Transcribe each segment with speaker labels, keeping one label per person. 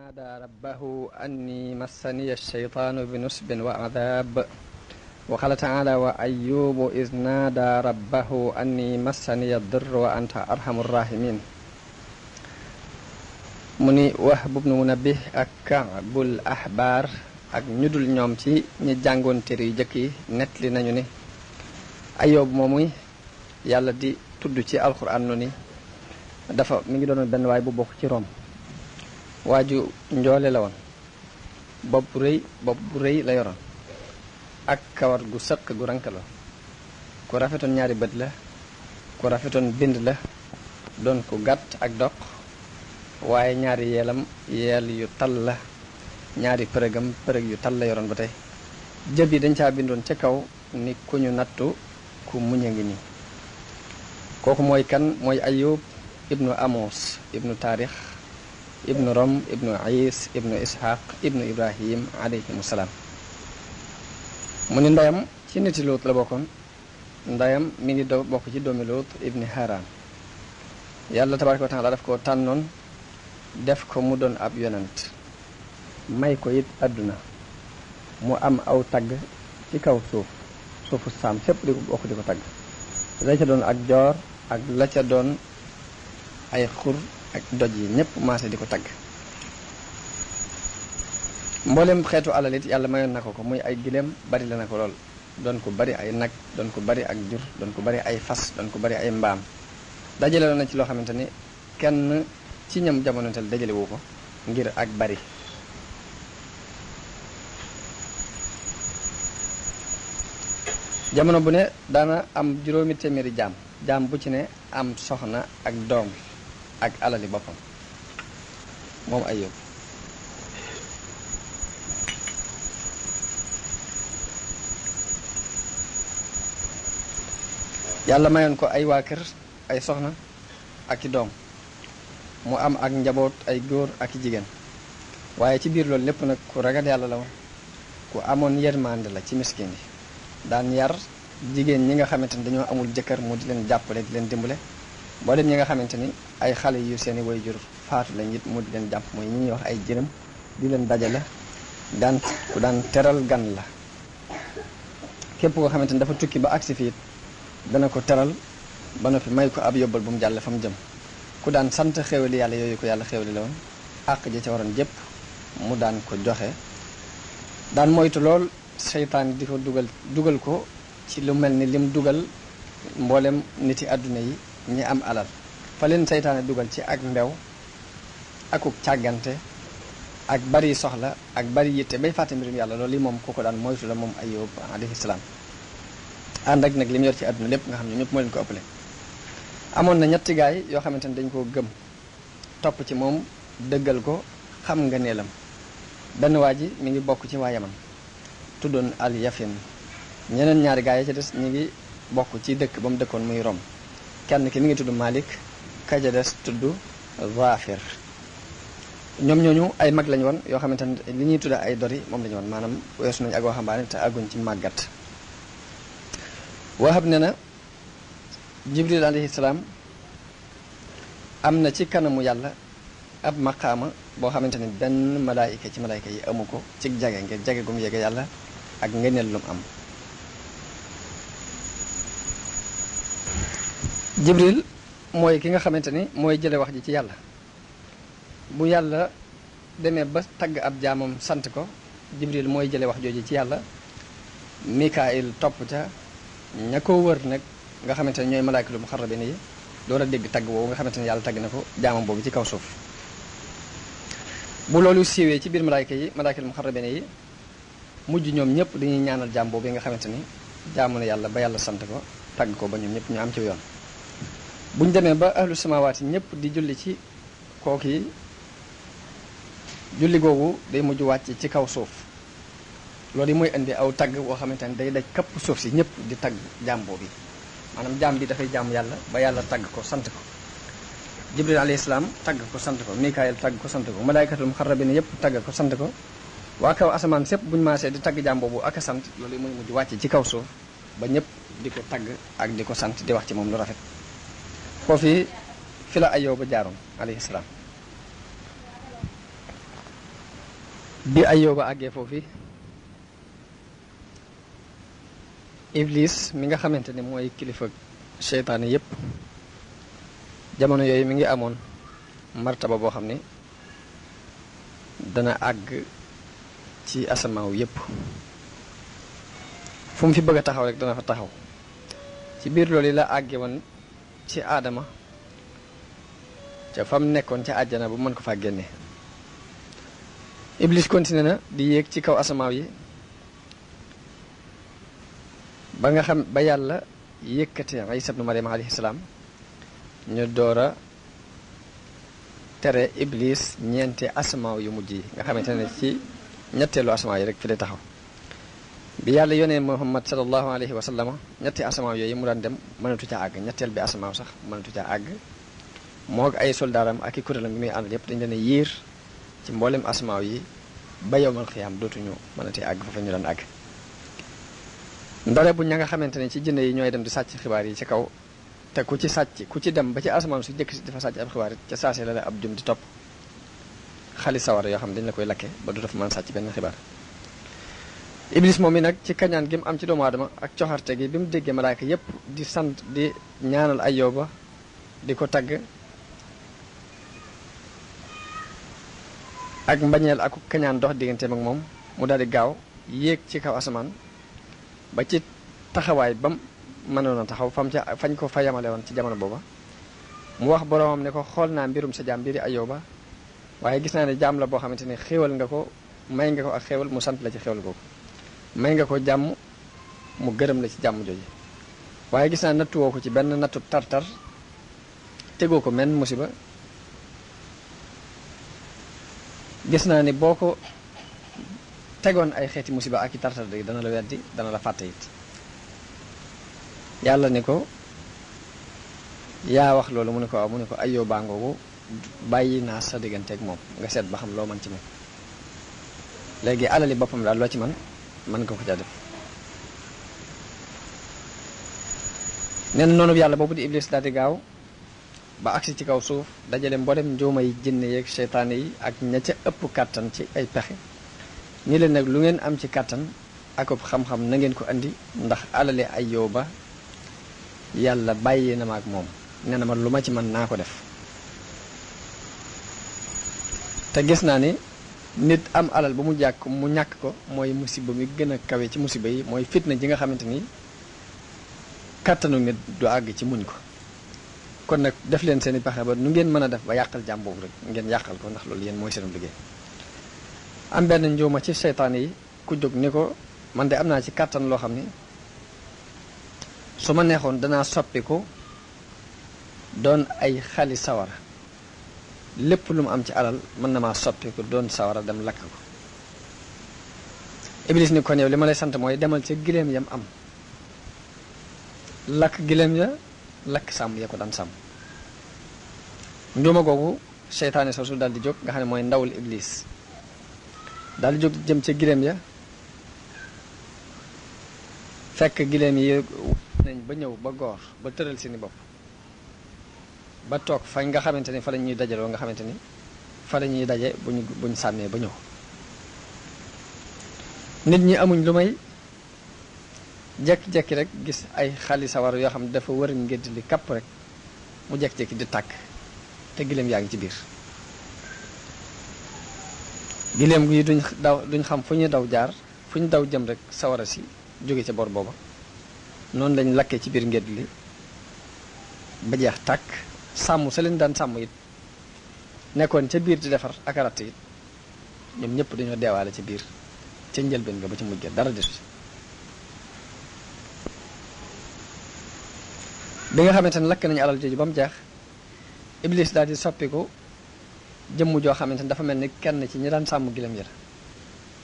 Speaker 1: نادى ربه أني مسني الشيطان بنسب وعذاب وقال تعالى وأيوب إذ نادى ربه أني مسني الضر وأنت أرحم الراحمين mu ni wax bub nu munabbi ak ahbar ak ñudul ñoom ci ñi jàngoon teri jeki jëkk yi nettali nañu ne ayoob moomuy yàlla di tudd ci alquran nu ni dafa mi ngi doon benn bu bokk ci rom waa ju njoole la woon bopp bu rëy bopp bu rëy la yoroon ak kawar gu sëq gu la ku rafetoon ñaari bët la ku rafetoon bind la doon ku gàtt ak doq waaye ñaari yeelam yeel yu tal la ñaari përëgam përëg yu tal la yoroon ba tey jëb yi dañ caa bindoon ca kaw ni ku ñu nattu ku muñ a ngi nii kooku mooy kan mooy ayub ibnu amos ibnu taarix ibnu rom ibnu is ibnu ishaq ibnu ibrahim alayhim salaam mu ni ndeyam ci niti Luut la bokkoon ndeyam mi ngi doo bokk ci doomi Luut ibni Haaraan yàlla tabaaraka wa taala daf ko tànnoon def ko mu doon ab yonent may ko it àdduna mu am aw tagg ci kaw suuf suufu saam sépp di ko di ko tagg la ca doon ak joor ak la ca doon ay xur ak doj yi ñëpp maase di ko tagg mboolem xeetu alal it yàlla mayoon na ko ko muy ay gilem bari la na ko lool doon ko bari ay nag doon ko bari ak jur doon ko bari ay fas doon ko bari ay mbaam dajale na ci loo xamante ni kenn ci ñam jamonontel dajale wu ko ngir ak bari jamono bu ne daana am juróomi téeméeri jaam jaam bu ci ne am soxna ak doom ak alali boppam moom ayub yalla mayon ko ay waa ay soxna ak dom mu am ak njabot ay gur ak jigen. waye ci bir lol lepp nak ku ragal yalla la won ku amoon yermande la ci miskini dan yar jigen ñi nga xamanteni dañu amul jëkkër mo di len di len mboolem ñi nga xamante ni ay xale yu seen i way jur faatu lañ it mu di leen jàpp mooy ñu ñuy wax ay jërëm di leen dajale daan ku daan teral gan la képp koo xamante ni dafa tukki ba agsi fi it dana ko teral ba noppi may ko ab yobbal bu mu jàll fa mu jëm ku daan sant xéwali yàlla yooyu ko yàlla xéwali la woon àq ji ca waroon jëpp mu daan ko joxe daan moytu lool seytaan di ko dugal dugal ko ci lu mel ni lim dugal mboolem niti àdduna yi ñi am alal fa leen seytaane dugal ci ak mbew akuk càggante ak bari soxla ak bari yitte bay fàtte mbirum yàlla loolu li moom ku ko daan moytu la moom ayub alayhi salaam ànd ak nag li yor ci àdduna lépp nga xam ne ñëpp moo leen na ñetti gaay yoo xamante ne dañ koo gëm topp ci moom dëggal ko xam nga neelam benn waa ji mi ngi bokk ci waa Yaman tuddoon al ñeneen ñaari gaay yi ci des ñu ngi bokk ci dëkk ba mu dëkkoon muy Rome kenn ki mi ngi tudd Malik kaja tudd Zafir ñoom ñooñu ay mag lañu woon yoo xamante ne li ñuy tudda ay dori moom lañu woon maanaam weesu nañu ak waxambaane te àgguñ ci màggat waxam ne na Jibril alayhi salaam am na ci kanamu yàlla ab maqaama boo xamante ni benn malaayika ci malaayika yi amu ko ci jage ngir jage gum yege yàlla ak ngeneel lum am jibril mooy ki nga xamante ni mooy jële wax ji ci yàlla mu yàlla demee ba tagg ab jaamoom sant ko jibril mooy jële wax jooju ci yàlla mikaayil topp ca ña ko wër nag nga xamante ne ñooy malaaykatul muxarrabin yi door a dégg tagg woowu nga xamante ne yàlla tagg na ko jaamam boobu ci kaw suuf bu loolu siiwee ci biir malaayka yi malaaykatul muxarrabin yi mujj ñoom ñëpp dañuy ñaanal jaam boobu nga xamante ni jaamu na yàlla ba yàlla sant ko tagg ko ba ñoom ñëpp ñu am ci yoon bu demee ba ahlu samawaat yi ñëpp di julli ci kooku yi julli googu day mujj wàcc ci kaw suuf loolu yi mooy indi aw tagg woo xamante ne day daj kapp suuf si ñëpp di tagg jaam bi yi maanaam jaam bi dafay jaamu yàlla ba yàlla tagg ko sant ko jibril alayhi salaam tagg ko sant ko mikaayil tagg ko sant ko malaaykatul muxarrabin yëpp tagg ko sant ko waa kaw asamaan sépp buñu maasee di tagg jaam boobu ak sant loolu mooy mujj wàcc ci kaw suuf ba ñëpp di ko tagg ak di ko sant di ci moom lu rafet ko fi la ayooba jaaroon alayhi salam bi ayooba fofi iblis mi nga xamanteni ni mooy kilifa seytaane yépp jamono yooyu mi ngi amoon martaba boo xam dana àgg ci asamaaw yépp fu mu fi bëgg taxaw rek dana fa taxaw ci biir loolu la àggee woon ci aadama ca fam nekkoon ca àjjana bu mën ko faa génnee iblis continué na di yéeg ci kaw asamaaw yi ba nga xam ba yàlla yëkkate ay bnu mariam alayhi salaam ñu door a tere iblis ñeenti asamaaw yu mujj yi nga xamante ne ci ñetteelu asamaaw yi rek fi lay taxaw bi yàlla yónnee muhammad sallallahu alayhi wa sallama ñetti asamaaw yooyu mu daan dem mënatu ca àgg ñetteel bi asamaaw sax mënatu ca àgg moog ay soldaaram ak i kuréelam bi muy àndal yëpp dañ leen a yiir ci mboolem asamaaw yi ba yowmal xiyaam dootuñu mënati àgg fa fa ñu daan àgg ndare bu ña nga xamante ne ci jënd yi ñooy dem di sàcc xibaar yi ci kaw te ku ci sàcc ku ci dem ba ci asamaan su njëkk dafa sàcc ab xibaar ca saasee la la ab jum di topp xali sawara yoo xam dañ la koy lakke ba du dafa mën sàcc benn xibaar iblis moom mi nag ci kañaan gi mu am ci doomu aadama ak coxarte gi bi mu déggee malaaka yépp di sant di ñaanal Ayyuba di ko tagg ak mbañeel ak kañaan dox diggante ak moom mu daal di gaaw yéeg ci kaw asamaan ba ci taxawaay bam mënoon a taxaw fam ca fañ ko fa yamale woon ci jamono booba mu wax boroomam ne ko xool naa mbirum sa jaam mbiri Ayyuba waaye gis naa ne jaam la boo xamante ne xéewal nga ko may nga ko ak xéewal mu sant la ci xéewal googu may nga ko jàmm mu gërëm la ci jàmm jooju waaye gis naa nattuwoo ko ci benn nattu tartar tegoo ko menn musiba gis naa ni boo ko tegoon ay xeeti musiba ak i tartar de dana la weddi dana la fàtte it yàlla ni ko yaa wax loolu mu ne ko am mu ne ko ayoo baangoogu bàyyi naa sa digganteeg moom nga seet ba xam loo man ci moom léegi alali boppam daal loo ci man mën nga ko ca def nen noonu yàlla boobu di iblis daal di gaaw ba agsi ci kaw suuf dajale mboolem njuuma yi jinne yeeg seytaane yi ak ña ca ëpp kàttan ci ay pexe ñi leen nag lu ngeen am ci kàttan akub xam-xam na ngeen ko indi ndax alale ay yooba yàlla bàyyi na ma ak moom nee ma lu ma ci mën naa ko def te gis naa ni nit am alal ba mu jàkk mu ñàkk ko mooy musiba mi gën a kawe ci musiba yi mooy fitna ji nga xamante ni kàttanu nit du àgg ci muñ ko kon nag def leen seeni i paxe ba nu ngeen mën a def ba yàqal jàmm boobu rek ngeen yàqal ko ndax loolu yéen mooy seenum liggéey am benn njuuma ci seytaan yi ku jóg ni ko man de am naa ci kàttan loo xam ni su ma neexoon danaa soppi ko doon ay xali sawar lépp lu mu am ci alal mën na maa soppiku doon sawara dem lakk ko iblis ni kon yow li ma lay sant mooy demal ca gileem yam am lakk gileem ya lakk sàmm ya ko daan sàmm njuuma googu seytaane soosu daal di jóg nga xam ne mooy ndawul iblis daal di jóg jëm ca gileem ya fekk gileem yi nañ ba ñëw ba goor ba tëral seeni bopp ba tok fañ nga xamanteni fa lañuy ñuy dajaloo nga xamanteni fa lañuy ñuy daje buñ buñ sànnee ba nit ñi amuñ lu may jek jek rek gis ay xali sawar yo xam dafa wër ngedd li kapp rek mu jek jek di tak te gilem yaangi ci bir gilem gi duñ daw duñ xam fuñu daw jaar fu daw jëm rek sawara si jóge ci bor boba non lañ lakkee ci bir ngedd li ba jeex tak sàmm sa leen daan sàmm it nekkoon ca biir di defar ak ratt it ñoom ñëpp dañoo deewaale ca biir ca njëlbeen nga ba ci mujj dara desu ci bi nga xamante ne lakk nañu alal jooju ba mu jeex iblis daal di soppiku jëmm joo xamante ne dafa mel ni kenn ci ñi daan sàmm gilam yër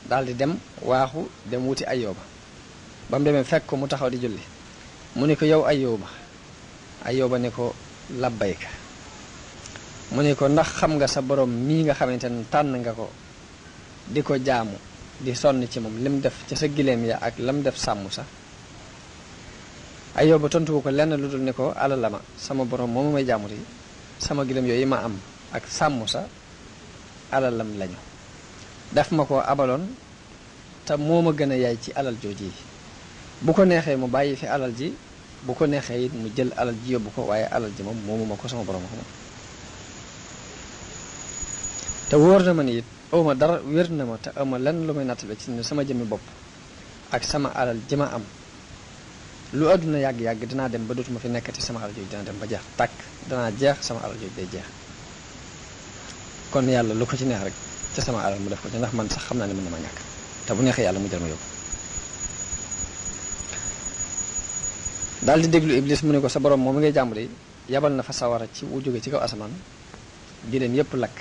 Speaker 1: daal di dem waaxu dem wuti ayooba ba mu demee fekk ko mu taxaw di julli mu ne ko yow ay ayooba ayooba ne ko labbayka mu ne ko ndax xam nga sa boroom mii nga xamante ne tànn nga ko di ko jaamu di sonn ci moom lim def ca sa gileem ya ak lam def sàmm sa Ayyub tontuwu ko lenn lu dul ne ko alala ma sama borom moom may jaamu yi sama gileem yooyu ma am ak sàmm sa alalam lañu daf ma ko abaloon te moo ma gën a yaay ci alal jooji bu ko neexee mu bàyyi fi alal ji bu ko neexee it mu jël alal ji yóbbu ko waaye alal ji moom moomu ma ko sama borom ko moom te wóor na ma ni it awma dara wér na ma te awma lenn lu may nattale ci ne sama jëmmi bopp ak sama alal ji ma am lu àdduna yàgg-yàgg dinaa dem ba dootuma fi nekkati sama alal jooju dina ba jeex tàkk danaa jeex sama alal jooju day jeex kon yàlla lu ko ci neex rek ci sama alal mu def ko ci ndax man sax xam naa ni mën na ma ñàkk te bu neexee yàlla mu jël ma yóbbu daal di déglu iblis mu ne ko sa borom moom mi ngay jàmm de yabal na fa sawara ci wu jóge ci kaw asamaan di leen yëpp lakk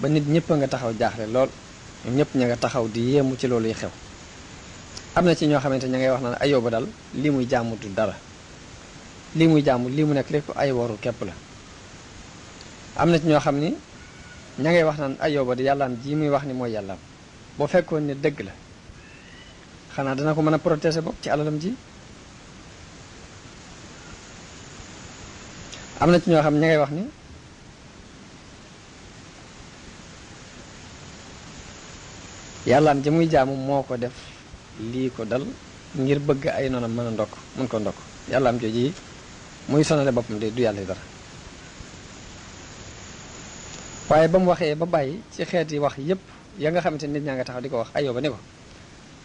Speaker 1: ba nit ñëpp nga taxaw jaaxle lool ñoom ñëpp ña nga taxaw di yéemu ci loolu yi xew am na ci ñoo xamante ña ngay wax naan ayoo ba daal lii muy jaamu du dara lii muy jaamu lii mu nekk lépp ay waru kepp la am na ci ñoo xam ni ña ngay wax naan ayoo ba di yàllaam ji muy wax ni mooy yàllaam boo fekkoon ne dëgg la xanaa dana ko mën a protéger bopp ci alalam ji am na ci ñoo xam ña ngay wax ni yàllaan ji muy jaamu moo ko def lii ko dal ngir bëgg ay noonam mën a ndokk mën ko ndokk yàllaam jooji muy sonale boppam de du yàlla dara waaye ba mu waxee ba bàyyi ci xeeti wax yépp ya nga xamante nit ñaa nga taxaw di ko wax ayoo ba ne ko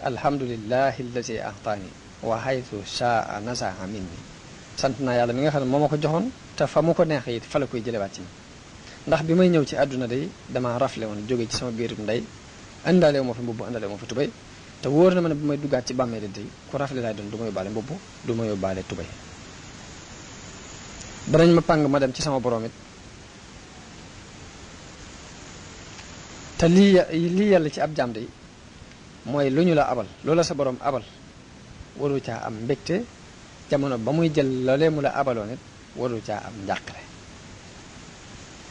Speaker 1: alhamdulillahi allati ahtaani wa haythu shaa nasaa minni sant naa yàlla mi nga xam ne moo ma ko joxoon te fa mu ko neex it fa la koy jëlewaat ci ndax bi may ñëw ci àdduna day damaa rafle woon jóge ci sama biirum ndey indaale moo fi mbubb indaale moo fi tubay te wóor na ma ne bu may duggaat ci bàmmeel day ku rafle laay doon du ma yóbbaale mbubb du ma yóbbaale tubay danañ ma pàng ma dem ci sama borom it te lii lii yàlla ci ab jaam day mooy lu ñu la abal loola sa borom abal waru caa am mbegte jamono ba muy jël loolee mu la abaloon it warul caa am njàqare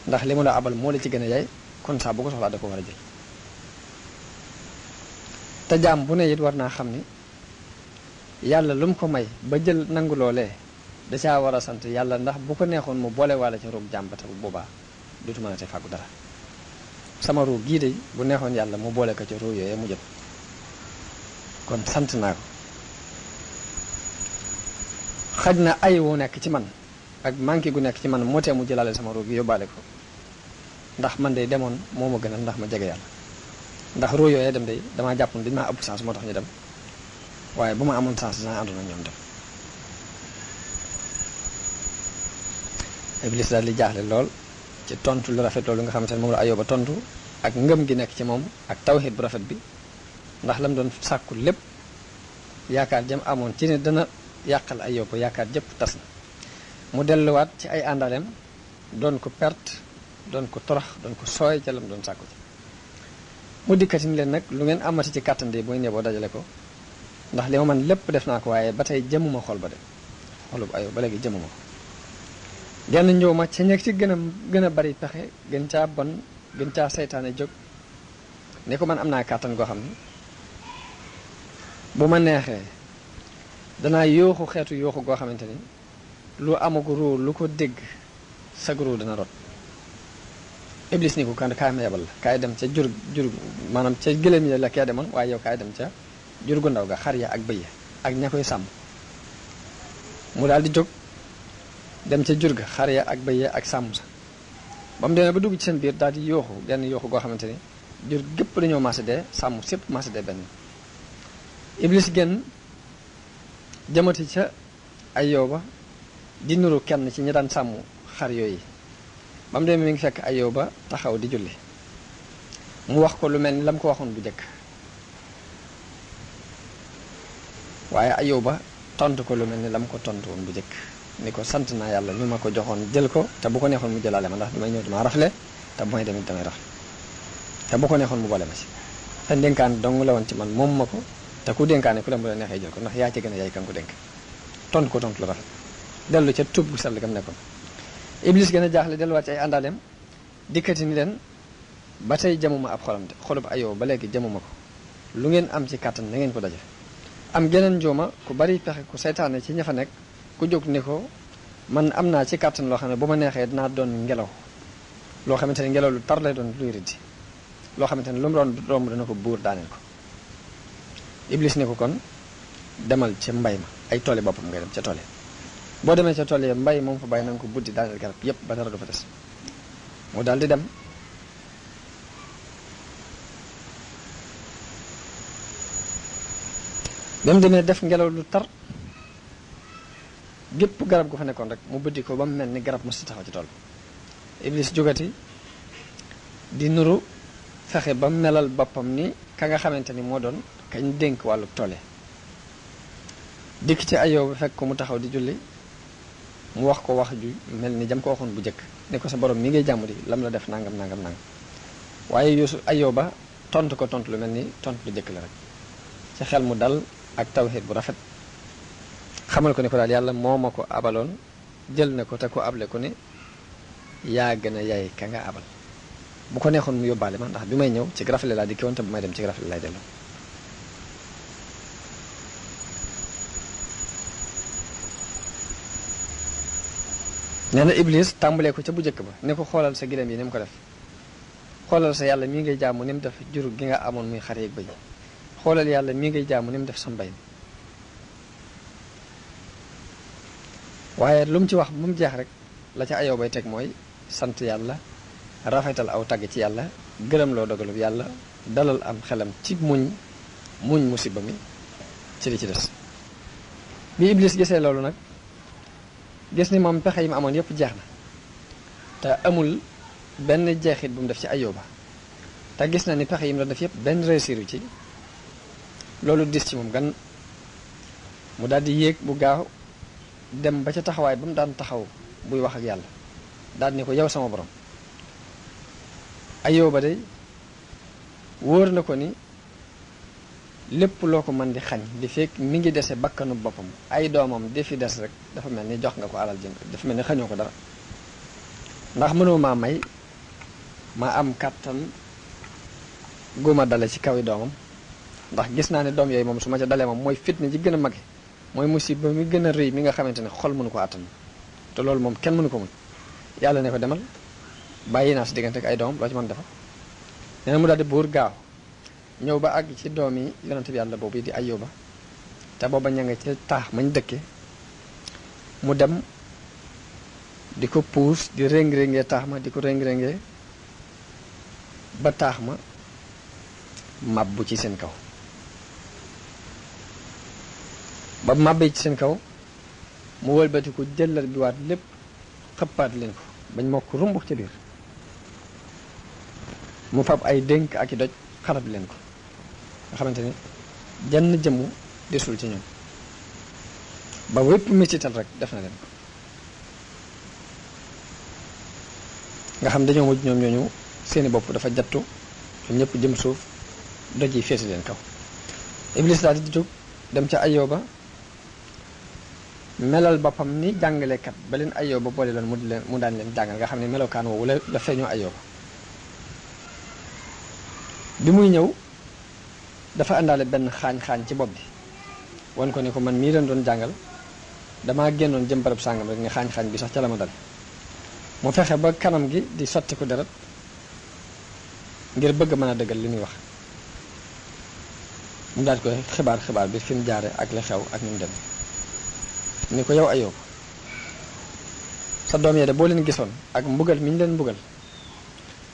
Speaker 1: ndax li mu la abal moo la ci gën a yaay kon saa bu ko soxlaa da ko war a jël te jaam bu ne it war naa xam ni yàlla lu mu ko may ba jël nangu loolee da caa war a sant yàlla ndax bu ko neexoon mu boole waale ca ruug jàmbata bu boobaa dootu mën a te fàggu dara sama ruug gii de bu neexoon yàlla mu boole ko ca ruug yooyee mu jël kon sant naa ko xaj na ay wu nekk ci man ak manqué gu nekk ci man moo mu jëlaale sama roog gi yóbbaale ko ndax man day demoon moo ma gënal ndax ma jege yàlla ndax ruu yooyee dem day damaa jàpp ne dañ maa ëpp chance moo tax ñu dem waaye bu ma amoon chance dinaa àndoon ak ñoom dem iblis daal di jaaxle lool ci tontu lu rafet loolu nga xamante ne moom la ba tontu ak ngëm gi nekk ci moom ak tawxit bu rafet bi ndax lam doon sàkku lépp yaakaar jëm amoon ci ne dana yàqal ay yóbbu yaakaar jëpp tas na mu delluwaat ci ay àndaleem doon ko perte don ko torox doon ko sooy ca lam doon sàkku ci mu dikkati ni leen nag lu ngeen amati ci kàttan de booy neboo dajale ko ndax li ma man lépp def naa ko waaye ba tey jëmuma xol ba de xolub ayoo ba léegi jëmuma ko genn ñëw ma ca ci gën a bari pexe gën caa bon gën caa seytaane jóg ne ko man am naa kàttan goo xam ne bu ma danaa yooxu xeetu yooxu goo xamante ni lu amagu ruu lu ko dégg sag ruu dana rot iblis ni ko kan kaay ma la kaay dem ca jur jur maanaam ca gëléem yi la kee demoon waaye yow kaay dem ca jur gu ndaw ga xar ya ak bëy ya ak ña koy sàmm mu daal di jóg dem ca jur ga xar ya ak bëy ya ak sàmm sa ba mu demee ba dugg ci seen biir daal di yooxu genn yooxu goo xamante ni jur gépp dañoo maase dee sàmm sépp maase dee benn iblis genn jëmati ca Ayoba di nuru kenn ci ñi daan sàmm xar yooyu ba mu demee mi ngi fekk Ayoba taxaw di julli mu wax ko lu mel ni ko waxoon bu njëkk waaye Ayoba tontu ko lu mel ni ko tontu woon bu njëkk ni ko sant naa yàlla ñu ma ko joxoon jël ko te bu ko neexoon mu jëlaale ma ndax damay ñëw dama rafle te bu demit damay rafle te bu ko neexoon mu ma si ndénkaan dong la woon ci man moom ma te ku dénkaane ku dem bu la neexee jël ko ndax yaa ci gën a yaay kan ko dénk ton ko tontu lu rafet dellu ca tub gu sell gam nekkoon iblis gën a jaaxle delluwaat ci ay àndaaleem dikkati ni leen ba tey jamuma ab xolam de xolub ayoo ba léegi jamuma ko lu ngeen am ci kàttan na ngeen ko daje am geneen njooma ku bari pexe ku seytaane ci ña nekk ku jóg ni ko man am naa ci kàttan loo xam ne bu ma neexee dinaa doon ngelaw loo xamante ne ngelaw lu tar lay doon luy rëddi loo xamante ne lu mu doon romb dana ko buur daaneel ko iblis ne ko kon demal ca mbay ma ay toole boppam nga dem ca toole boo demee ca toole mbay moom fa bàyyi na ko buddi daaneel garab yépp ba dara du fa des mu daal di dem ba demee def ngelaw lu tar gépp garab gu fa nekkoon rek mu buddi ko ba mu mel ni garab mu si taxaw ci tool iblis jógati di nuru fexe ba melal boppam ni ka nga xamante ni moo doon kañ dénk wàllu toole dikk ci ayoo ba fekk ko mu taxaw di julli mu wax ko wax ju mel ni jam ko waxoon bu njëkk ne ko sa boroom mi ngay jàmm di lam la def nangam nangam nangam waaye yoosu ayoo ba tont ko tontu lu mel ni tontu lu njëkk la rek ci xel mu dal ak tawxiid bu rafet xamal ko ne ko daal yàlla moom ma ko abaloon jël na ko te ko able ko ne yaa gën a yaay ka nga abal bu ko neexoon mu yóbbaale ma ndax bi may ñëw ci grafale laa dikki woon te bu may dem ci grafale laay delloo nee na Iblis tàmbalee ko ca bu njëkk ba ne ko xoolal sa gileem yi ni mu ko def xoolal sa yàlla mii ngay jaamu ni mu def jur gi nga amoon muy xar ba bëy xoolal yàlla mii ngay jaamu ni mu def sa mbay waaye lu mu ci wax bu mu jeex rek la ca ayoo bay teg mooy sant yàlla rafetal aw tagg ci yalla gëreem lo dogalub yalla dalal am xelam ci muñ muñ musiba mi ci li ci dess bi iblis gisee lolu nak, gis ni mom pexe mu amon yépp jeexna ta amul ben jeexit bu mu def ci ayoba ta gis na ni pexe mu ben def yépp ben réussir ci lolu dis ci mom gan mu di bu gaaw dem ba ca taxaway bu mu daan taxaw buy wax ak yalla daal ni ko yow sama borom ayooba day wóor na ko ni lépp loo ko mën di xañ li fekk mi ngi dese bakkanu boppam ay doomam di fi des rek dafa mel ni jox nga ko alal jëm dafa mel ni xañoo ko dara ndax mënoo maa may ma am kàttan guma dale ci kaw doomam ndax gis naa ne doom yooyu moom su ma ca dalee moom mooy fitna ji gën a mage mooy ba mi gën a rëy mi nga xamante ne xol mënu ko àttan te loolu moom kenn mënu ko muñ yàlla ne ko demal bàyyi naa sa diggante ay doom loo ci mën dafa nee mu daal di buur gaaw ñëw ba àgg ci doomi yonante bi yàlla boobu di Ayyuba te booba ña nga ci taax mañ ya. dëkke mu dem di ko puus di réng-réngee taax ma di ko réng-réngee ya. ba taax ma mabbu ci seen kaw ba màbbee ci seen kaw mu wëlbatiku ko bi waat lépp xëppaat leen ko bañ mokk rumbux ca biir mu fab ay dénk ak yi doj xarab leen ko nga xamante ni jenn jëmm desul ci ñoom ba wépp métital rek def na leen ko nga xam dañoo mujj ñoom ñoo ñu seeni bopp dafa jattu ñoom ñëpp jëm suuf doj yi féete leen kaw iblis daal di jóg dem ca ayoba melal boppam ni jàngalekat ba leen ayoba boole loon mu di leen mu daan leen jàngal nga xam ne melokaan woowu la la feeñoo ayoba bi muy ñëw dafa àndaale benn xaañ-xaañ ci bopp bi wan ko ne ko man mii leen doon jàngal damaa génnoon jëm barab sàngam rek ne xaañ-xaañ bi sax ca la ma dal mu fexe ba kanam gi di sotti ko deret ngir bëgg mën a dëggal li muy wax mu daal ko xibaar xibaar bi fi mu jaare ak li xew ak ni mu dem ni ko yow ayoo ko sa doom yee de boo leen gisoon ak mbugal mi ñu leen mbugal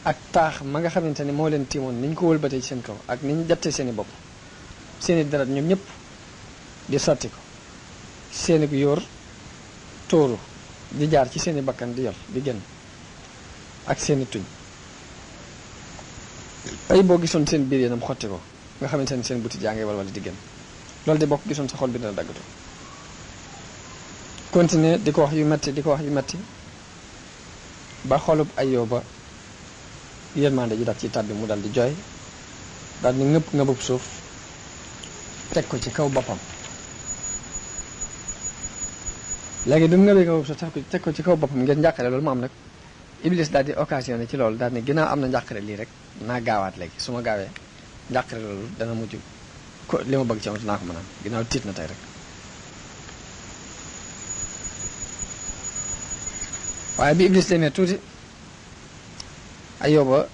Speaker 1: ak taax ma nga xamante ne moo leen tiimoon ni ñu ko wëlbatee ci seen kaw ak ni ñu jattee seen i bopp seen i darat ñoom ñëpp di sotti ko seen i yóor tóoru di jaar ci seen i bakkan di yor di génn ak seeni tuñ ay boo gisoon seen biir yéenam xotti ko nga xamante ni seen butit yaa ngay walwal di génn loolu de boo gisoon sa xol bi dana daggatu continuer di ko wax yu metti di ko wax yu metti ba xolub ay yooba yërmande ji daf ci tàbbi mu dal di jooy dal di ngëpp ngëbub suuf teg ko ci kaw boppam léegi bi mu ngëbee ngëbub suuf teg ko ci kaw boppam ngir njàqare loolu mu am nag Iblis daal di occasionné ci loolu daal ne ginnaaw am na njàqare lii rek naa gaawaat léegi su ma gaawee njàqare loolu dana mujj ko li ma bëgg ci amatu naa ko mën a am ginnaaw tiit na tey rek waaye bi Iblis demee tuuti ayoba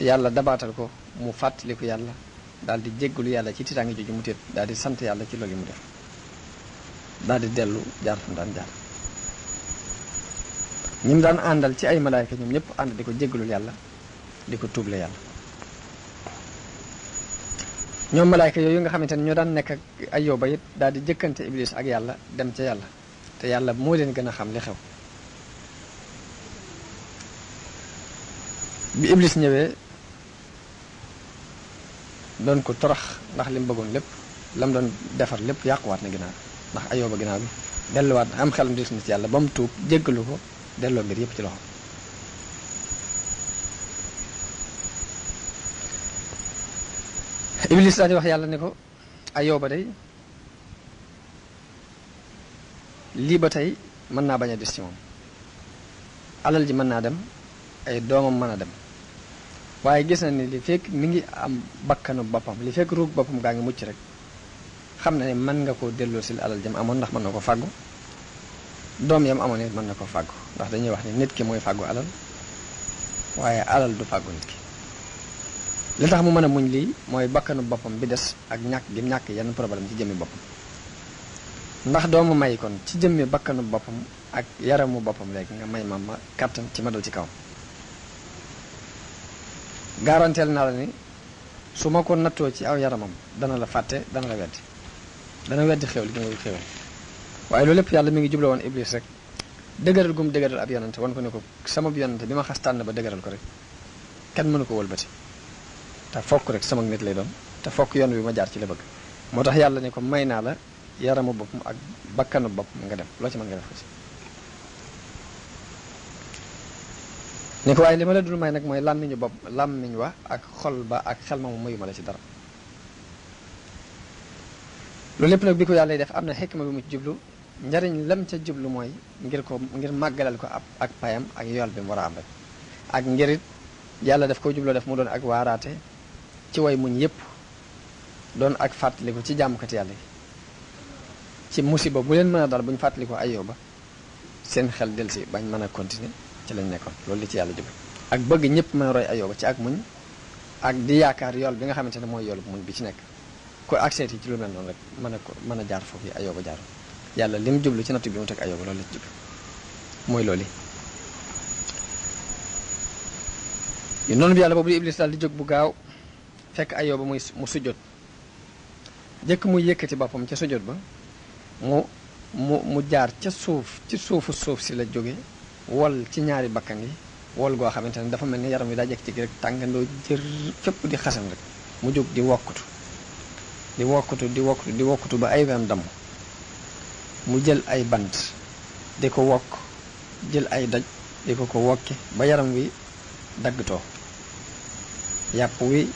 Speaker 1: yàlla dabaatal ko mu fàttaliku yàlla daal di jéggalu yàlla ci tiitaange jooju mu téet daal di sant yàlla ci loolu mu def daal di dellu jaar fa mu daan jaar ñi mu daan àndal ci ay malaayka ñoom ñëpp ànd di ko jéggalul yàlla di ko tuuble yàlla ñoom malaayka yooyu nga xamante ne ñoo daan nekk ak ayoba it daal di jëkkante iblis ak yàlla dem ca yàlla te yàlla moo leen gën a xam li xew bi iblis ñëwee doon ko torax ndax li mu bëggoon lépp lam doon defar lépp yàquwaat na ginnaaw ndax ayooba ginnaaw bi delluwaat na am xelam dis na ci yàlla ba mu ko delloo yëpp ci loxo iblis daal di wax yàlla ne ko ayooba day lii ba tey mën naa bañ a des ci moom alal ji mën naa dem ay doomam mën a dem waaye gis na ni li fekk mu ngi am bakkanu boppam li fekk ruug boppam gaa ngi mucc rek xam na ne mën nga koo delloo sil alal jëm amoon ndax mën na ko fàggu doom yam amoon it mën na ko fàggu ndax dañuy wax ni nit ki mooy fàggu alal waaye alal du fàggu nit ki li tax mu mën a muñ lii mooy bakkanu boppam bi des ak ñàkk gi ñàkk yenn problème ci jëmmi boppam ndax doomu may kon ci jëmmi bakkanu boppam ak yaramu boppam léegi nga may ma ma kàttan ci ma dal ci kawam gaaranteel naa la ni su ma ko nattoo ci aw yaramam dana la fàtte dana la weddi dana weddi xéwal gi nga xéwal waaye loolu lépp yàlla mi ngi jubla woon Iblis rek dëgëral gum dëgëral ab yonante wan ko ne ko sama yonante bi ma xas tànn ba dëgëral ko rek kenn mënu ko wëlbati te fokk rek sama nit lay doon te fokk yoon bi ma jaar ci la bëgg moo tax yàlla ne ko may naa la yaramu boppam ak bakkanu boppam nga dem loo ci mën nga def ko ni ko waaye li ma la dul may nag mooy làmmiñu bopp làmmiñ wa ak xol ba ak xel ma mu mayu ma la ci dara loolu lépp nag bi ko yàlla def am na xikma bi mu ci jublu njariñ lam ca jublu mooy ngir ko ngir màggalal ko ab ak payam ak yool bi mu war a am rek ak ngirit yàlla def ko jubloo def mu doon ak waaraate ci way muñ yépp doon ak fàttaliku ci jàmmkati yàlla yi ci musiba bu leen mën a dal bu ñu fàttaliku ayoo ba seen xel del bañ mën a continuer ci lañ nekkoon loolu li ci yàlla jublu ak bëgg ñëpp mën roy ayooba ci ak muñ ak di yaakaar yool bi nga xamante ne mooy yoolu muñ bi ci nekk ko accès ci lu mel noonu rek mën a ko mën a jaar foofu yi ayooba jaar yàlla lim jublu ci natt bi mu teg ayooba loolu la ci jublu mooy loolu yi noonu bi yàlla boobu iblis daal di jóg bu gaaw fekk ayooba muy mu sujjot jëkk muy yëkkati boppam ca sujjot ba mu mu mu jaar ca suuf ci suufu suuf si la jóge wol ci ñaari bakkan yi wol goo xamante ne dafa mel ni yaram wi daa jekk ci rek tàngandoo jër fépp di xasan rek mu jóg di wokkutu di wokkutu di wokkutu di wokkutu ba ay wem damm mu jël ay bant di ko wokk jël ay daj di ko ko wokke ba yaram wi daggtoo yàpp wi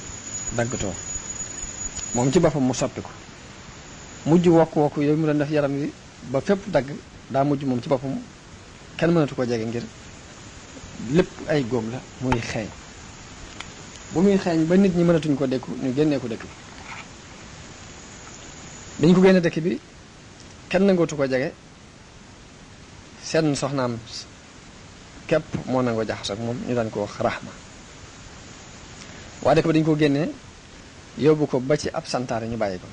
Speaker 1: daggtoo moom ci bappam mu soppi ko mujj wokk wokk yooyu mu doon def yaram wi ba fépp dagg daa mujj moom ci boppam kenn mënatu ko jégé ngir lepp ay gom la muy xéñ bu muy xéñ ba nit ñi mënatuñ ko dékku ñu génné ko dékk bi dañ ko génné dékk bi kenn nangootu ko jege seen soxnaam képp moo nangoo jaxas ak moom ñu daan ko wax rahma waa dëkk ba dañ ko génnee yóbbu ko ba ci ab santaare ñu bàyyi ko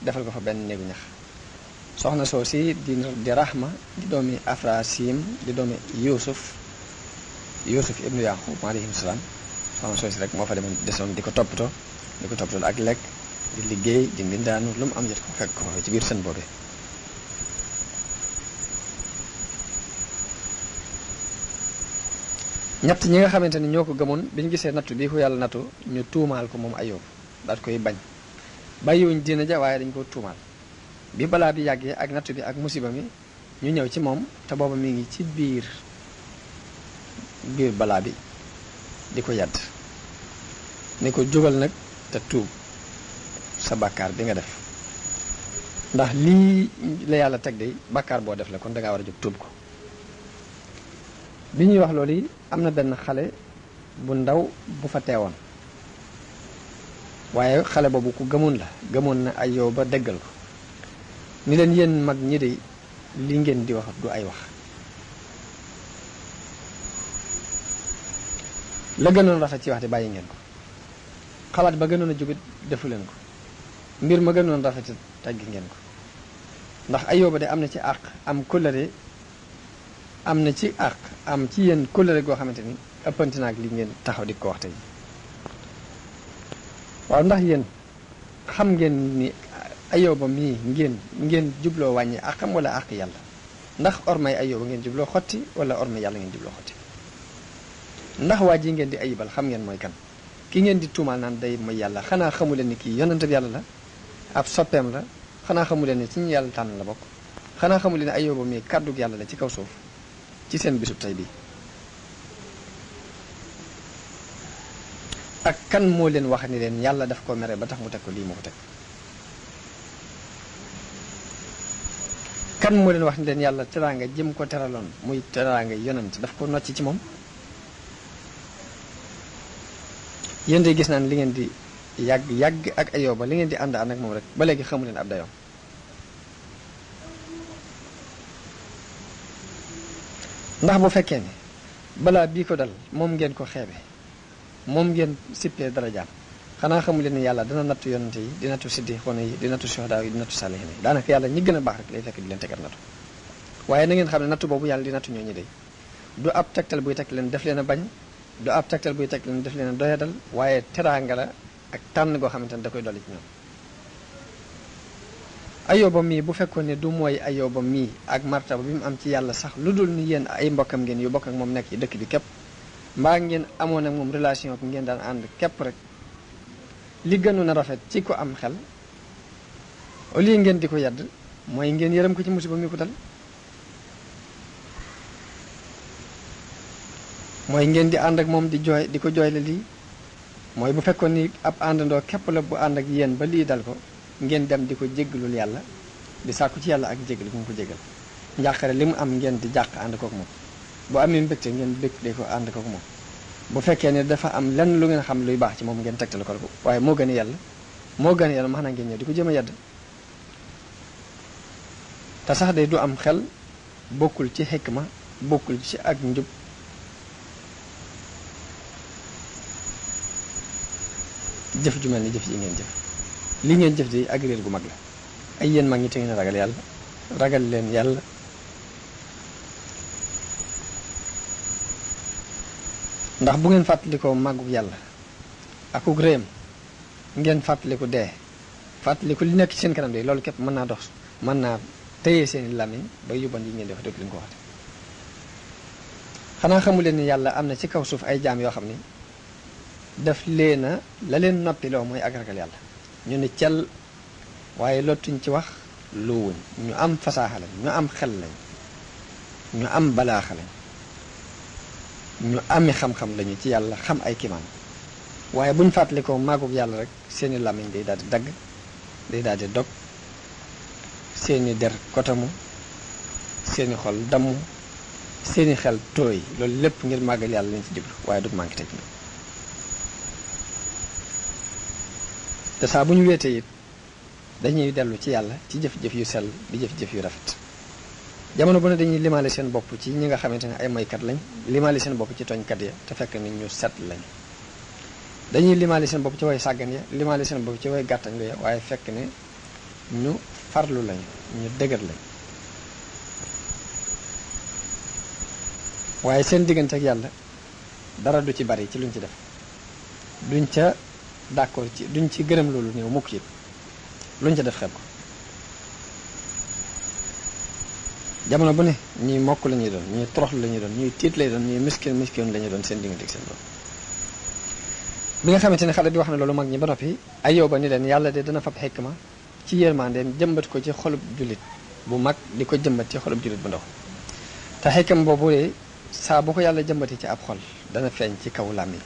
Speaker 1: defal ko fa benn néegu ñax soxna soo si di di Rahma di doomi Afrasim di doomi Yuusuf Yuusuf ibnu Yaqub alayhim salaam soxna soo si rek moo fa demoon desoon di ko toppatoo di ko toppatoo ak lekk di liggéey di mbindaanu lu mu am jot ko fekk ko ci biir seen boobee ñett ñi nga xamante ni ñoo ko gëmoon bi ñu gisee nattu bi ko yàlla nattu ñu tuumaal ko moom Ayóob daat koy bañ bàyyiwuñ diina ja waaye dañ ko tuumaal bi balaa bi yàggee ak nattu bi ak musiba mi ñu ñëw ci moom te booba mi ngi ci biir biir balaa bi di ko yàdd ne ko jógal nag te tuub sa bàkkaar bi nga def ndax lii la yàlla teg de bàkkaar boo def la kon dangaa war a jóg tuub ko bi ñuy wax loolu am na benn xale bu ndaw bu fa teewoon waaye xale boobu ku gëmoon la gëmoon na ay yow ba déggal ko ni leen yéen mag ñi de li ngeen di wax du ay wax la gënoon rafet ci wax de bàyyi ngeen ko xalaat ba gënoon a jógit defu leen ko mbir ma gënoon rafet tàggi ngeen ko ndax ay Ayóoba de am na ci àq am kóllëre am na ci àq am ci yenn kóllëre goo xamante ni ëppanti naag li ngeen taxaw di ko wax tey waaw ndax yéen xam ngeen ni ayoba mi ngeen ngeen jublo wañi akam wala ak yalla ndax ormay ayoba ngeen jubloo xoti wala ormay yalla ngeen jubloo xoti ndax waji ngeen di ayibal xam ngeen moy kan ki ngeen di tumal nan day mooy yalla xana xamulen ni ki yonent yalla la ab sopem la xana xamulen ni ci yalla tan la bok xana xamulen ni ayoba mi kaddu yalla la ci kaw sof ci sen bisub tay bi ak kan mo len wax ni len yalla daf ko mere ba tax mu tek li mu kan moo leen wax ne leen yàlla teraanga jëm ko teraloon muy teraanga yonent daf ko nocc ci moom yéen day gis naan li ngeen di yàgg yàgg ak ayoba li ngeen di ànd ànd ak moom rek ba léegi xamu leen ab dayoom ndax bu fekkee ni balaa bii ko dal moom ngeen ko xeebe moom ngeen sippee dara jaam xanaa xamu leen ni yàlla dana nattu yonante yi di nattu siddiqoona yi di nattu suhadaa yi di nattu saalihiin yi daanaka yàlla ñi gën a baax rek lay fekk di leen tegal nattu waaye nangeen xam ne nattu boobu yàlla di nattu ñooñu day du ab tegtal buy teg leen def leen a bañ du ab tegtal buy teg leen def leen a doyadal waaye teraangala ak tànn goo xamante ne da koy dolli ci ñoom ayoba mii bu fekkoon ne du mooy ayoba mii ak martaba bi mu am ci yàlla sax lu dul ni yéen ay mbokkam ngeen yu bokk ak moom nekk ci dëkk bi képp mbaa ngeen amoon ak moom relation bi ngeen daan ànd képp rek li gënu na rafet ci ko am xel au lieu ngeen di ko yedd mooy ngeen yërëm ko ci musiba mi ko dal mooy ngeen di ànd ak moom di jooy di ko jooyle lii mooy bu fekkoon ni ab àndandoo képp la bu ànd ak yéen ba lii dal ko ngeen dem di ko jéggalul yàlla di sàkku ci yàlla ak jéggal bu ko jéggal njàqare li am ngeen di jàq ànd kook moom bu amee mbégte ngeen di ko ànd kook bu fekkee ne dafa am lenn lu ngeen xam luy baax ci moom ngeen tegtal ko waaye moo gën yàlla moo gën yàlla maanaam ngeen ñëw di ko jëm a yedd te sax day du am xel bokkul ci hikma bokkul ci ak njub jëf ju mel ni jëf ji ngeen jëf li ngeen jëf di ak réer gu mag la ay yéen mag ñi ragal yàlla ragal leen yàlla ndax bu ngeen fàttalikoo màggug yàlla akug réem ngeen fàttaliku dee fàttaliku li nekk ci seen kanam de loolu képp mën naa dox mën naa téye seeni làmmiñ ba yóbban yi ngeen def dëgg li nga ko waxte xanaa xamu leen ni yàlla am na ci kaw suuf ay jaam yoo xam ni def leen a la leen noppiloo mooy ak ragal yàlla ñu ne cel waaye lottuñ ci wax luwuñ ñu am fasaaxale lañ ñu am xel lañ ñu am balaaxale ñu ami xam-xam lañu ci yàlla xam ay kimaan waaye buñ fàttalikoo maagug yàlla rek seeni làmmiñ day daal di dagg day daal dog seeni der kotamu seeni xol damm seeni xel tooy loolu lépp ngir màggal yàlla lañ ci jublu waaye du manqué teg ñu te bu ñu weetee it dañuy dellu ci yàlla ci jëf-jëf yu sell di jëf-jëf yu rafet jamono bu ne dañuy limaale seen bopp ci ñi nga xamante ne ay moykat lañ limaale seen bopp ci tooñkat ya te fekk ni ñu set lañ dañuy limaale seen bopp ci way sàggan ya limaale seen bopp ci way gàttañ ya waaye fekk ne ñu farlu lañ ñu dëgër lañ waaye seen diggante ak yàlla dara du ci bari ci luñ ci def duñ ca d' accord ci duñ ci gërëm loolu néew mukk luñ ca def jamono bu ne ñii mokk la ñuy doon ñii toroxlu la ñuy doon ñii tiit lay doon ñii miskin miskin la ñuy doon seen diggante ak seen doon bi nga xamante ne xale bi wax na loolu mag ñi ba noppi Ayyuba ni leen yàlla dana fab xikma ci yërmandeem jëmbat ko ci xolub jullit bu mag di ko jëmbat ci xolub jullit bu ndaw te xikam boobu de saa bu ko yàlla jëmbatee ci ab xol dana feeñ ci kaw làmmiñ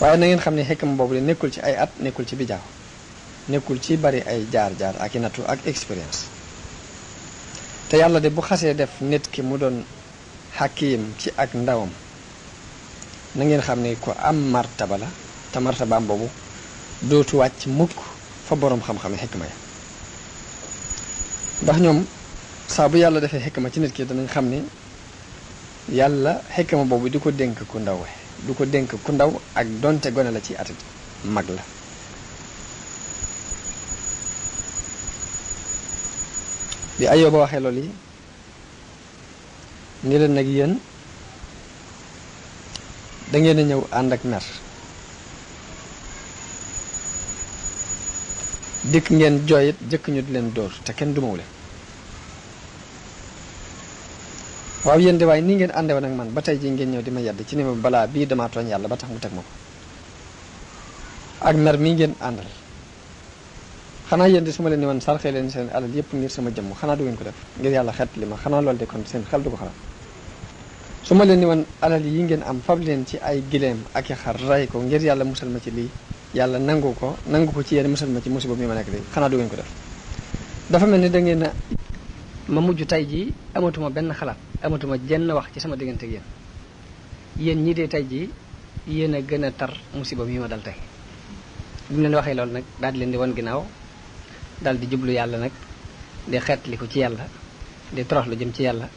Speaker 1: waaye na ngeen xam ne xikam boobu de nekkul ci ay at nekkul ci bijaaw nekkul ci bari ay jaar-jaar ak nattu ak expérience te yàlla de bu xasee def nit ki mu doon xakiim ci ak ndawam na ngeen xam ne ko am martaba la te martabaam boobu dootu wàcc mukk fa boroom xam-xam yi xikma ya ndax ñoom saa bu yàlla defee xikma ci nit ki danañ xam ne yàlla xikma boobu di ko dénk ku ndaw du ko dénk ku ndaw ak donte gone la ci atit mag la bi ayoo ba waxee loolu yi ni leen nag yeen da ngeen ñëw ànd ak mer dikk ngeen jooyit jëkk ñu di leen dóor te kenn dumaw leen waaw yéen de waaye nii ngeen àndewoon ak man ba tey jii ngeen ñëw di ma yedd ci ni ma balaa bii damaa tooñ yàlla ba tax mu teg ma ko ak mer mii ngeen àndal xanaa yéen di su ma leen ni woon sarxee leen seen alal yëpp ngir sama jëmm xanaa du ko def ngir yàlla xeet li ma xanaa loolu de kon seen xel du ko xalaat su ma leen ni woon alal yi ngeen am fab leen ci ay gileem ak i xar ray ko ngir yàlla musal ma ci lii yàlla nangu ko nangu ko ci yéen musal ma ci musiba mi ma nekk de xanaa du ko def dafa mel ni dangeen ma mujj tey jii amatuma benn xalaat amatuma jenn wax ci sama diggante ak yéen ñii de tey jii yéen a gën a tar musiba mi ma dal tey leen waxee loolu nag daal leen di wan ginnaaw dal di jublu yàlla nag di ko ci yàlla di toroxlu jëm ci yàlla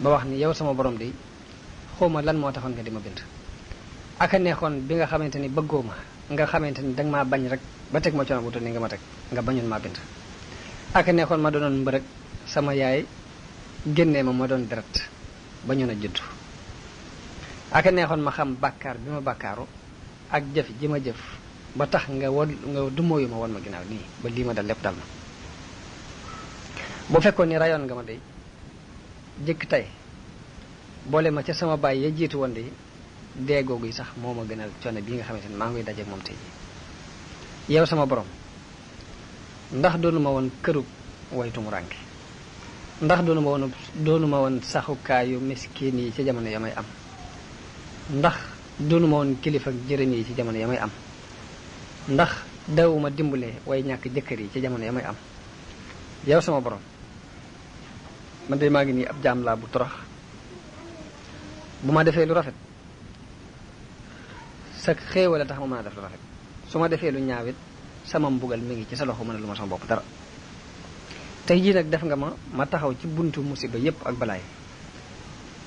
Speaker 1: ba wax ni yow sama borom di xawma lan moo taxoon nga di ma bind aka neexoon bi nga xamante ni bëggoo ma nga xamante ni danga maa bañ rek ba teg ma coono bu ni nga ma teg nga bañoon maa bind aka neexoon ma doonoon mbërëg sama yaay génnee ma ma doon deret bañoon a judd aka neexoon ma xam bàkkaar bi ma ak jëf ji ma jëf ba tax nga wal nga moyu ma won ma ginaaw lii ba lii ma dal lépp dal ma bu fekkoon ni rayoon nga ma day jëkk tey boole ma ca sama bàyyi ya jiitu woon di dee googu yi sax moo ma gënal coono bii nga xamante ne maa ngi dajeeg moom tey yow sama borom ndax doonu ma woon kërub waytu mu rànki ndax doonu ma woon doonu ma woon saxukaayu miskiin yi ci jamono ya may am ndax doonu ma woon kilifa jërëm yi ci jamono ya am ndax dawuma dimbulé way ñak jëkëri ci jamono yamay am yow sama borom man magini abjam ngi ab jam la bu torox buma défé lu rafet sa wala tax ma lu rafet suma défé lu ñaawit sama mbugal mi ngi ci sa loxu mën luma sama bop dara tay ji nak def nga ma ma taxaw ci buntu musiba yépp ak balaay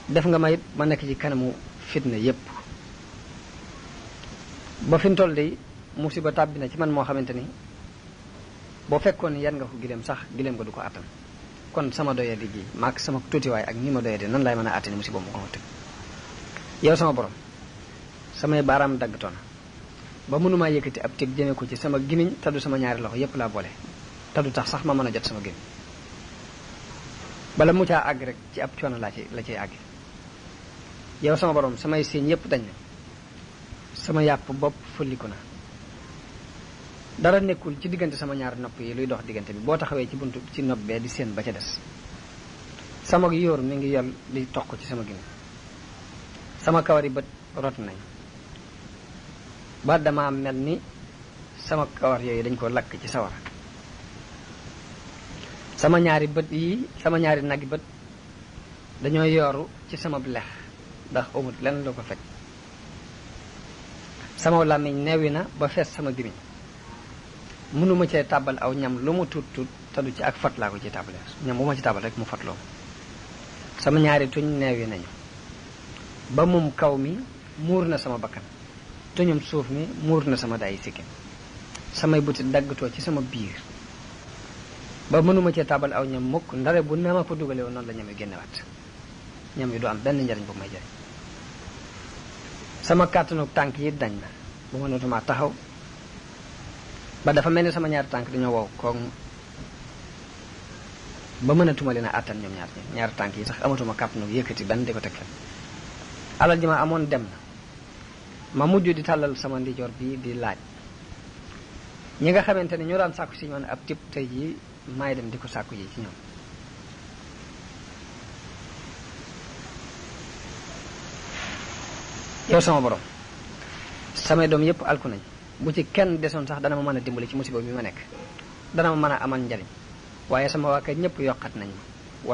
Speaker 1: def nga ma it ma nekk ci kanamu fitna yépp ba fin tol day musiba tàbbi na ci man moo xamante ni boo fekkoon yan nga ko gileem sax gileem nga du ko attan kon sama doyadi gi maak sama tuutiwaay ak ni ma doyadi nan laay mën a attani musiba mu ko ma tëgg yow sama borom samay baaraam daggtoon ba mënumaa yëkkati ab tëgg jëme ko ci sama gimiñ taddu sama ñaari loxo yépp laa boole taddu tax sax ma mën a jot sama gémmiñ bala mu àgg rek ci ab coono laa ci la cay àgg yow sama borom samay siiñ yépp dañ na sama yàpp bopp fulliku na dara nekkul ci diggante sama ñaar nopp yi luy dox diggante bi boo taxawee ci buntu ci nopp bee di seen ba ca des sama yor mi ngi yal di tokk ci sama gine sama kawari bët rot nañ ba dama mel ni sama kawar yooyu dañ ko lakk ci sawara sama ñaari bët yi sama ñaari nagi bët dañoo yooru ci sama blex ndax amut lenn lu ko fekk sama làmmiñ neewi na ba fees sama gimiñ mënuma cee tàbbal aw ñam lu mu tuut tuut te ci ak fat laa ko ci tàbbalee ñam bu ma ci tàbbal rek mu fatloo sama ñaari tuñ neewi nañu ba mum kaw mi muur na sama bakkan tuñum suuf mi muur na sama dayi sikkim samay buti daggatoo ci sama biir ba mënuma cee tàbbal aw ñam mukk ndare bu ne ma ko dugalee woon la ñam yi génnewaat ñam yi du am benn njariñ bu may jariñ sama kàttanu tànk yi dañ na bu mënatumaa taxaw ba dafa melni sama ñaar tank dañu wo ko ba mënatuma tuma leena àttan ñom ñaar ñi ñaari tànk yi sax amatuma kap nu yëkëti di diko teg alal jima amon dem na ma mujju di talal sama ndijoor bi di laaj ñi nga xamanteni ñu daan sakku ci ñoon ab tip tay yi may dem diko sakku yi ci ñoom yow sama borom samay dom yépp alku nañ bu ci kenn desoon sax dana ma mën a dimbali ci musiba bi ma nekk dana ma mën a amal njariñ waaye sama waa ñëpp yokkat nañ ma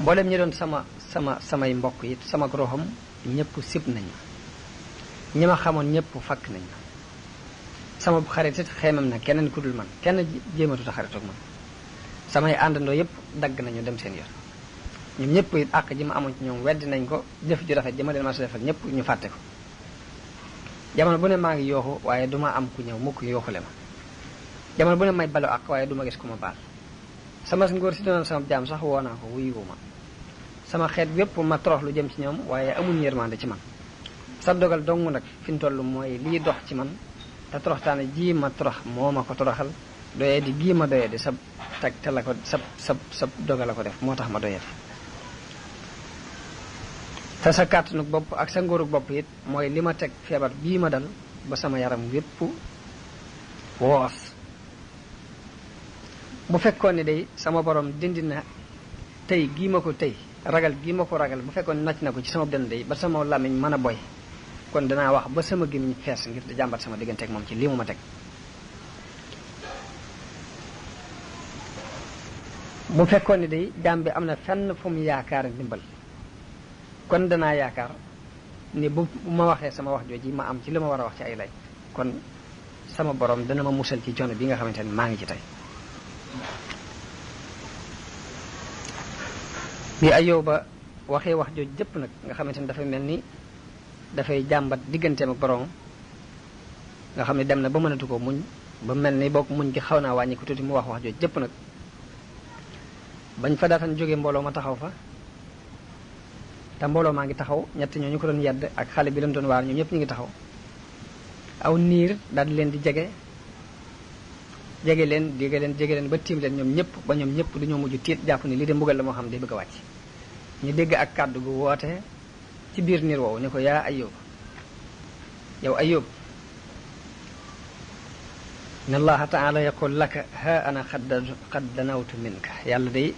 Speaker 1: war ma ñi doon sama sama samay mbokk yi sama roxam ñëpp sib nañ ma ñi ma xamoon ñëpp nañ ma sama xarit it xeemam na keneen ku dul man kenn jéematuta xaritoog man samay àndandoo yëpp dagg nañu dem seen yoon ñoom ñëpp it àq ji ma amoon ci ñoom wedd nañ ko jëf ju rafet ji ma leen ma defal ñëpp ñu fàtte ko jamono bu ne maa ngi yooxu waaye duma am ku ñëw mukk yooxule ma jamono bu ne may balu ak waaye duma gis ku ma baal sama ngóor si doon sama jaam sax woo naa ko wuyu ma sama xeet wépp ma torox lu jëm ci ñoom waaye amuñ yërmande ci man sab dogal dong nag fi mu toll mooy lii dox ci man te toroxtaane jii ma torox moo ma ko toroxal doyee di gii ma doyee di sab tag te sab sab sab dogal ko def moo ma doyee te sa kàttanug bopp ak sa ngóorug bopp it mooy li ma teg feebar bii ma dal ba sama yaram wépp woos bu fekkoon ni day sama borom dindi na tey gii ma ko tey ragal gii ma ko ragal bu fekkoon nacc na ko ci sama dënn day ba sama làmmiñ mën a boy kon danaa wax ba sama gémmiñ fees ngir di jàmbat sama digganteeg moom ci lii mu ma teg bu fekkoon ni day jaam bi am na fenn fu yaakaar yaakaar ndimbal kon danaa yaakaar ni bu ma waxee sama wax jooji ma am ci li ma war a wax ci ay lay kon sama borom dana ma musal ci coono bi nga xamante ne maa ngi ci tey bi Ayóoba waxee wax jooju jëpp nag nga xamante ne dafay mel ni dafay jàmbat digganteem ak borom nga xam ne dem na ba mënatu ko muñ ba mel ni bokk muñ ki xaw naa wàññi tuuti mu wax wax jooju jëpp nag bañ fa daatan jóge mbooloo ma taxaw fa te mbooloo maa ngi taxaw ñett ñoo ñu ko doon yàdd ak xale bi leen doon waar ñoom ñëpp ñu ngi taxaw aw niir daal leen di jege jege leen jege leen jege leen ba tiim leen ñoom ñëpp ba ñoom ñëpp dañoo mujj tiit jàpp ni li de mbugal la moo xam day bëgg a wàcc ñu dégg ak kàddu gu woote ci biir niir woowu ni ko yaa ayub yow ayub in allaha taala yaqul laka ha ana xad danawtu minka yàlla day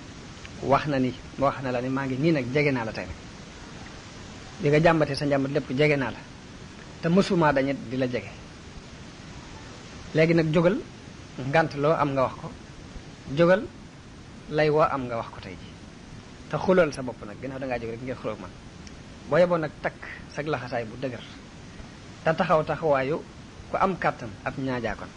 Speaker 1: wax na ni wax na la ni maa ngi nii nag jege naa la tey bi nga jàmbatee sa njàmbat lépp jege naa la te mësumaa dañet di la jege léegi nag jógal ngant loo am nga wax ko jógal lay woo am nga wax ko tey ji te xulool sa bopp nag ginnaaw dangaa jóg rek ngeen xuloog man boo yeboon nag takk sag laxasaay bu dëgër te taxaw taxawaayu ku am kàttan ab ñaajaakoon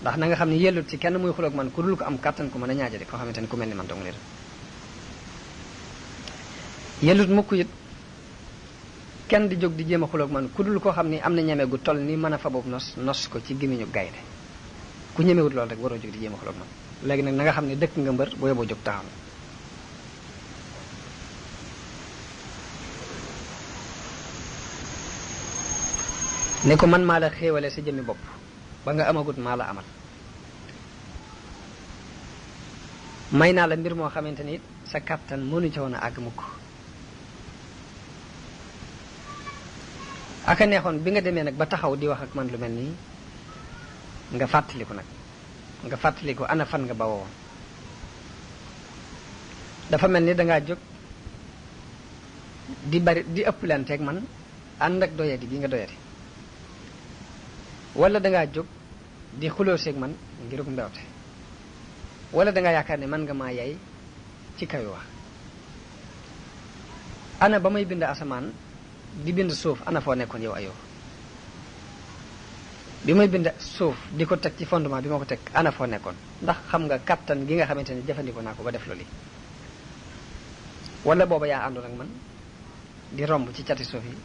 Speaker 1: ndax na nga xam ne yellut ci kenn muy xuloog man ku dul ko am kàttan ku mën a ñaaja de ko xamante ni ku mel ni man dong lay yellut mukk it kenn di jóg di jéem a man ku dul koo xam ni am na ñeme gu toll ni mën a fa boobu nos nos ko ci gimiñu gaynde ku ñemewut loolu rek waroo jóg di jéem a man léegi nag na nga xam ne dëkk nga mbër boo yeboo jóg taxaw ne ko man maa la sa jëmi bopp ba nga amagut maa la amal may naa la mbir moo xamante ni sa kàttan mënu woon a àgg mukk aka neexoon bi nga demee nag ba taxaw di wax ak man lu mel nii nga fàttaliku nag nga fàttaliku ana fan nga ba woon dafa mel ni dangaa jóg di bari di ëpplanteeg man ànd ak doyati gi nga doyati wala dangaa jóg di xulooseeg man ngirug mbewte wala dangaa yaakaar ni mën nga maa yay ci kaw wax ana ba may bind asamaan di bind suuf ana foo nekkoon yow ayoo bi may bind suuf di ko teg ci fondement bi ma ko teg ana foo nekkoon ndax xam nga kattan gi nga xamante ni jëfandikoo naa ko ba def loolu wala booba yaa àndoon ak man di romb ci cati suuf yi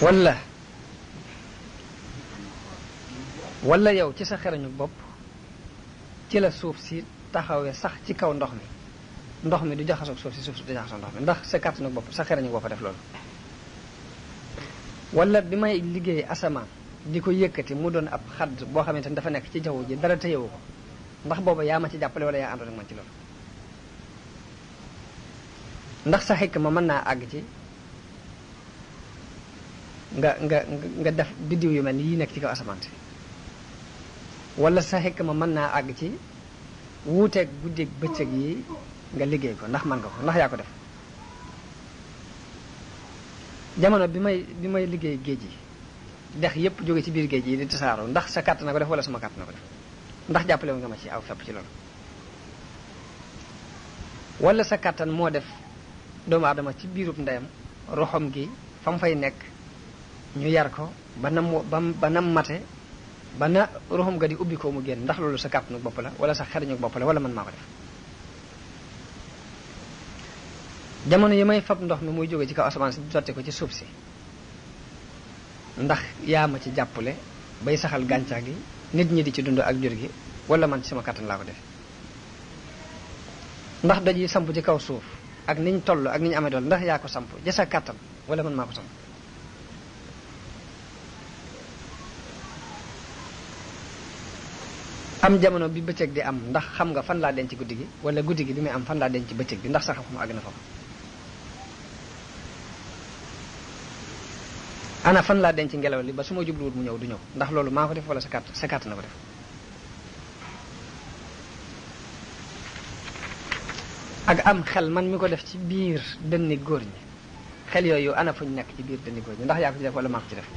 Speaker 1: wala wala yow ci sa xerañu bopp ci la suuf si taxawee sax ci kaw ndox mi ndox mi du jaxasoog suuf si suuf si du jaxasoog ndox mi ndax sa kàttanu bopp sa ñu bopp def loolu wala bi may liggéey asamaan di ko yëkkati mu doon ab xadd boo xamante dafa nekk ci jaww ji dara tëyewu ko ndax booba yaa ma ci jàppale wala yaa àndoon ak man ci loolu ndax sa xikk ma mën naa àgg ci nga nga nga def bidiw yu mel ni yi nekk ci kaw asamaan si wala sa ma mën naa àgg ci wuuteeg guddeeg bëccëg yi nga liggéey ko ndax man nga ko ndax yaa ko def jamono bi may bi may liggéey géej yi dex yépp jóge ci biir géej yi di tasaaroo ndax sa kàtt na ko def wala suma kàtt na ko def ndax jàppale nga ma ci aw fepp ci loolu wala sa kàttan moo def doomu aadama ci biirub ndeyam roxom gi fa fay nekk ñu yar ko ba nam ba nam mate ba na ruxum ga di ubbi ko mu génn ndax loolu sa kàttanu bopp la wala sa xariñu bopp la wala man maa ko def jamono yi may fab ndox mi muy jóge ci kaw asamaan si di sotti ko ci suuf si ndax yaa ma ci jàppale bay saxal gàncax gi nit ñi di ci dund ak jur gi wala man ci sama kàttan laa ko def ndax doj yi samp ci kaw suuf ak niñ toll ak niñ amee dool ndax yaa ko samp ja sa kàttan wala man maa ko samp am jamono bi bëccëg di am ndax xam nga fan laa denc guddi gi wala guddi gi bi muy am fan laa denc bëccëg bi ndax sa xam-xam àgg na fa ana fan laa denc ngelaw li ba su ma jubluwut mu ñëw du ñëw ndax loolu maa ko def wala sa kàtt sa kàtt na ko def ak am xel man mi ko def ci biir dënni góor ñi xel yooyu ana fuñ nekk ci biir dënni góor ñi ndax yaa ko ci def wala maa ko ci def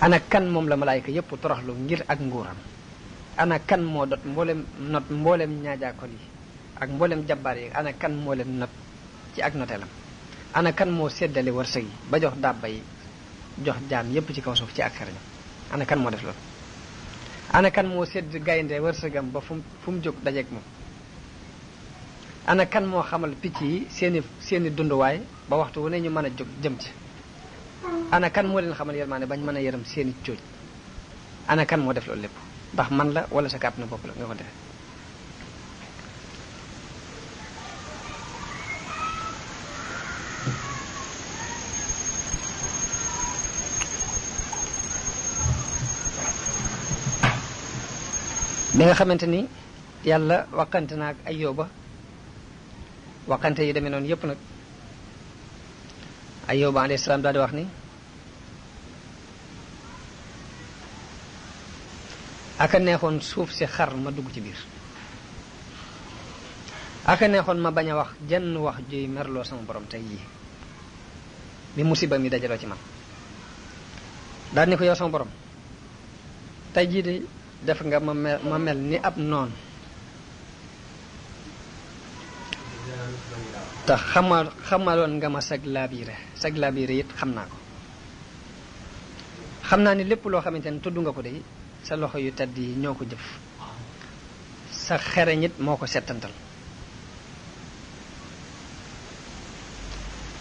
Speaker 1: ana kan moom la malaayka yépp toroxlu ngir ak nguuram ana kan moo dot mboolem not mboolem ñaajaakoon yi ak mbooleem jabbaar yi ana kan moo leen not ci ak noteelam ana kan moo seddale wërsëg yi ba jox dàbba jox jaan yépp ci kaw suuf ci ak xarañam ana moo def loolu ana kan moo sedd gaynde wërsëgam ba fu mu fu mu jóg dajeeg moom ana kan moo xamal picc yi seeni seeni dunduwaay ba waxtu wu ne ñu mën a jóg jëm ci ana kan moo leen xamal yërmaane bañ mën a yërëm seeni cooj ana kan moo def loolu lépp ndax man la wala sa kàttanu bopp la nga ko nga xamante ni yàlla waxante naag ay yóbba waxante yi demee noonu yëpp nag Ayo alayhi salaam daal di wax ni aka neexoon suuf si xar ma dugg ci biir aka neexoon ma bañ a wax jenn wax juy merloo sama borom tey jii bi musiba mi dajaloo ci man daal ni ko yow sama borom tey jii de def ni ab te xama xamaloon nga ma sag laabiire sag laabiire it xam naa ko xam naa ni lépp loo xamante ne tudd nga ko de sa loxo yu tedd yi ñoo ko jëf sa xereñ it moo ko settantal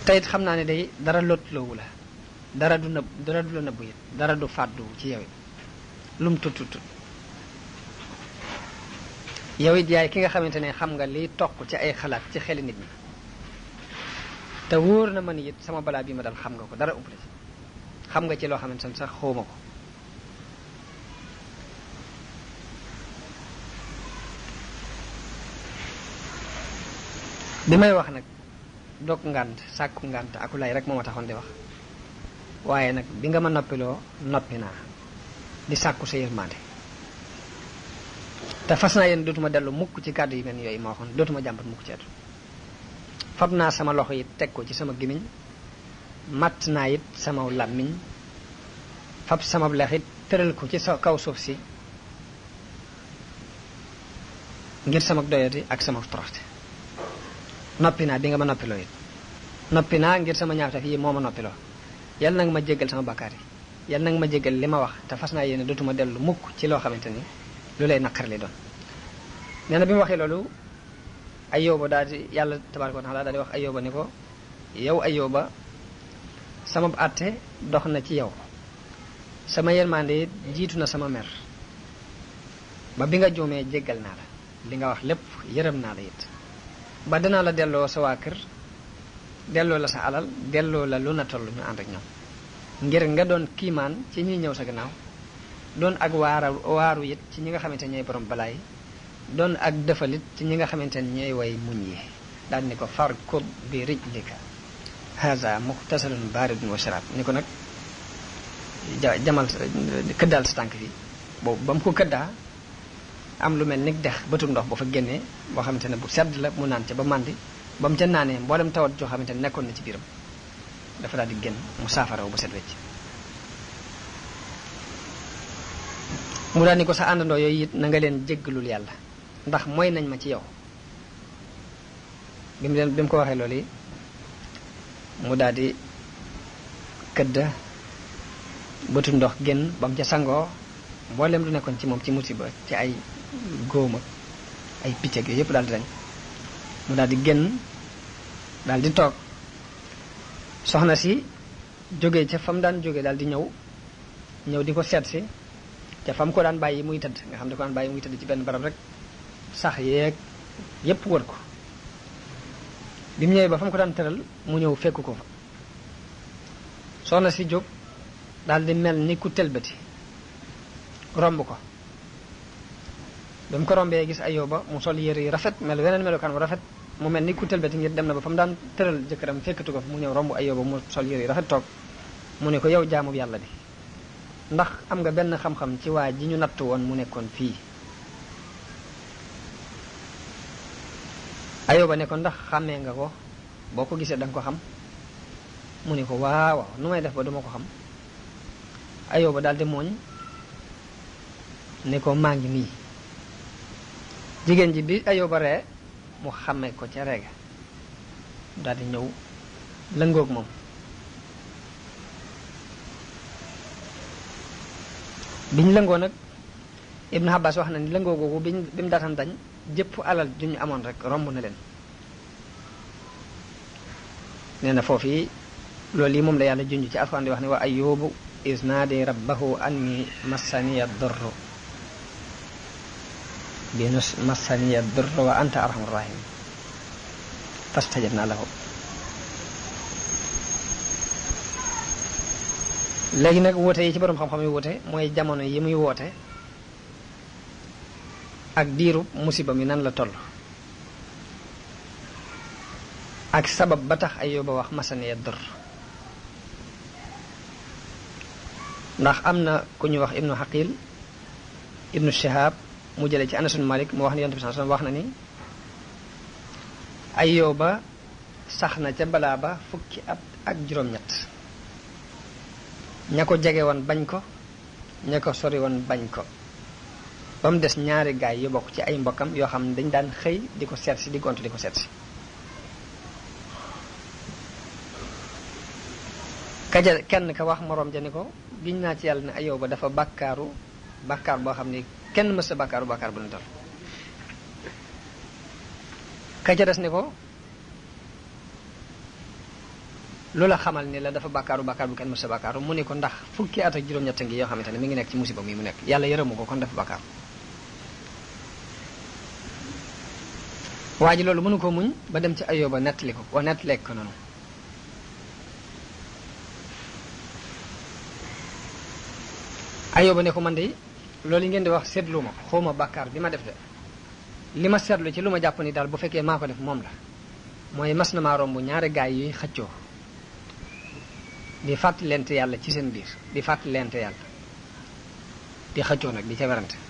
Speaker 1: teyit xam naa ni day dara lotloowu la dara du nëbb dara du la nëbbu it dara du fàddu ci yow it lu mu tut yaay ki nga xamante ne xam nga liy toq ci ay xalaat ci xelu nit ñi te wóor na ma ni it sama balaa bii ma dal xam nga ko dara ëpp la ci xam nga ci loo xamante ne sax ma ko bi may wax nag dog ngànt sàkku ngànt akulay rek moo ma taxoon di wax waaye nag bi nga ma noppiloo noppi naa di sàkku sa yërmande te fas naa yéen dootuma dellu mukk ci kàddu yi mel ni yooyu ma waxoon dootuma jàmbat mukk ci àdduna fab naa sama loxo yi teg ko ci sama gimin, matt naa it sama làmmiñ fab sama lex it tëral ko ci kaw suuf si ngir sama doyati ak sama toroxte noppi naa bi nga ma noppiloo it noppi naa ngir sama ñaawtaf yi moo ma noppiloo yàlla nag ma jéggal sama bakkaar yi nang nag ma jéggal li ma wax te fas naa yéene dootuma dellu mukk ci loo xamante ni lu li doon nee na bi mu ay ayyóoba daal di yàlla tabaaraka wa taala daal di wax ayyóoba ni ko yow ay ayyóoba sama àtte dox na ci yow sama yërmande jiitu na sama mer ba bi nga juumee jéggal naa la li nga wax lépp yërëm naa la it ba danaa la delloo sa waa kër delloo la sa alal delloo la lu na toll ñu ànd ak ñoom ngir nga doon kiimaan ci ñuy ñëw sa gannaaw doon ak waaru waaru it ci ñi nga xamante ñooy borom balaay doon ak defalit ci ñi nga xamante ni ñooy way muñ yi daal ni ko far farkud bi rijlika haza muxtasalun baaridun wa sharab ni ko nag ja jamal këddaal sa tànk fii boobu ba mu ko këddaa am lu mel ni dex bëtu ndox ba fa génnee boo xamante ne bu sedd la mu naan ca ba màndi ba mu ca naanee mboolem tawat joo xamante ne nekkoon na ci biiram dafa daal di génn mu saafaraw ba set wecc mu daal ni ko sa àndandoo yooyu it na nga leen jéggalul yàlla ndax mooy nañ ma ci yow bi mu leen bi mu ko waxee loolu yi mu daldi këdd bëtu ndox génn bam mu ca sangoo mboolem lu nekkoon ci moom ci musiba ci ay góom ay picc ak yooyu yëpp daal dañ mu daal di génn daal di toog soxna si jóge ca fa mu daan jóge daal di ñëw ñëw di ko seet si te fa mu ko daan bàyyi muy tëdd nga xam ne ko daan bàyyi muy tëdd ci benn barab rek sax yeeg yépp wër ko bi mu ñëwee ba fa mu ko daan tëral mu ñëw fekk ko fa soxna si jóg daal di mel ni ku tëlbati romb ko ba mu ko rombee gis Ayoba mu sol yére yu rafet mel weneen melokaan bu rafet mu mel ni ku tëlbati ngir dem na ba fa mu daan tëral jëkkëram fekkatu ko fa mu ñëw romb Ayoba mu sol yére yu rafet toog mu ne ko yow jaamu yàlla bi ndax am nga benn xam-xam ci waa ji ñu natt woon mu nekkoon fii ayoba ne ko ndax xàmmee nga ko boo ko gisee danga ko xam mu ni ko waaw waaw nu may def ba duma ko xam ayoba daal di mooñ ne ko maa ngi nii jigéen ji bi ayoba ree mu xàmmee ko ca reega daal di ñëw lëngoog moom biñ lëngoo nag Ibn Abbas wax na ni lëngoo googu biñ bi mu daatam dañ jëpp alal ju ñu amoon rek romb na leen nee na foofu yi loolu yi moom la yàlla junj ci alxuraan di wax ne wa ayubu is naadi rabbahu anni massaniya durru binus massaniya durru wa anta arhamur rahim fastajabna lahu léegi nag woote yi ci borom xam-xam yu woote mooy jamono yi muy woote ak diiru musiba mi nan la toll ak sabab ba tax ay yoba wax ya dor ndax amna ku ñu wax ibnu haqil ibnu shahab mu jele ci anasun malik mu wax ne yonte bi sallallahu wax na ni ay yoba saxna ca bala ba fukki ab ak juróom-ñett ña ko jege woon bañ ko ña ko sori woon bañ ko ba mu des ñaari gaay yu bokk ci ay mbokkam yoo xam ne dañ daan xëy di ko seet si di gont di ko seet si kaja kenn ka wax moroom ja ni ko giñ naa ci yàlla ne ayow ba dafa bàkkaaru bàkkaar boo xam ne kenn mës a bàkkaaru bàkkaar bu ne ni ko lu la xamal ni la a bàkkaaru mu ni ko ndax fukki at ak juróom-ñett ngi yoo xamante ne mi ngi nekk ci musiba mu nekk yàlla yërëmu ko kon dafa bàkkaaru waa ji loolu mënu ko muñ ba dem ci ayoba nettali ko wa nettaleeg ko noonu ayoba ne ko man de loolu yi ngeen di wax seetlu ma xaw ma bàkkaar bi ma def de li ma seetlu ci lu ma jàpp ni daal bu fekkee maa ko def moom la mooy mas na maa romb ñaari gaay yuy xëccoo di fàttalente yàlla ci seen biir di lent yàlla di xëccoo nag di ca werante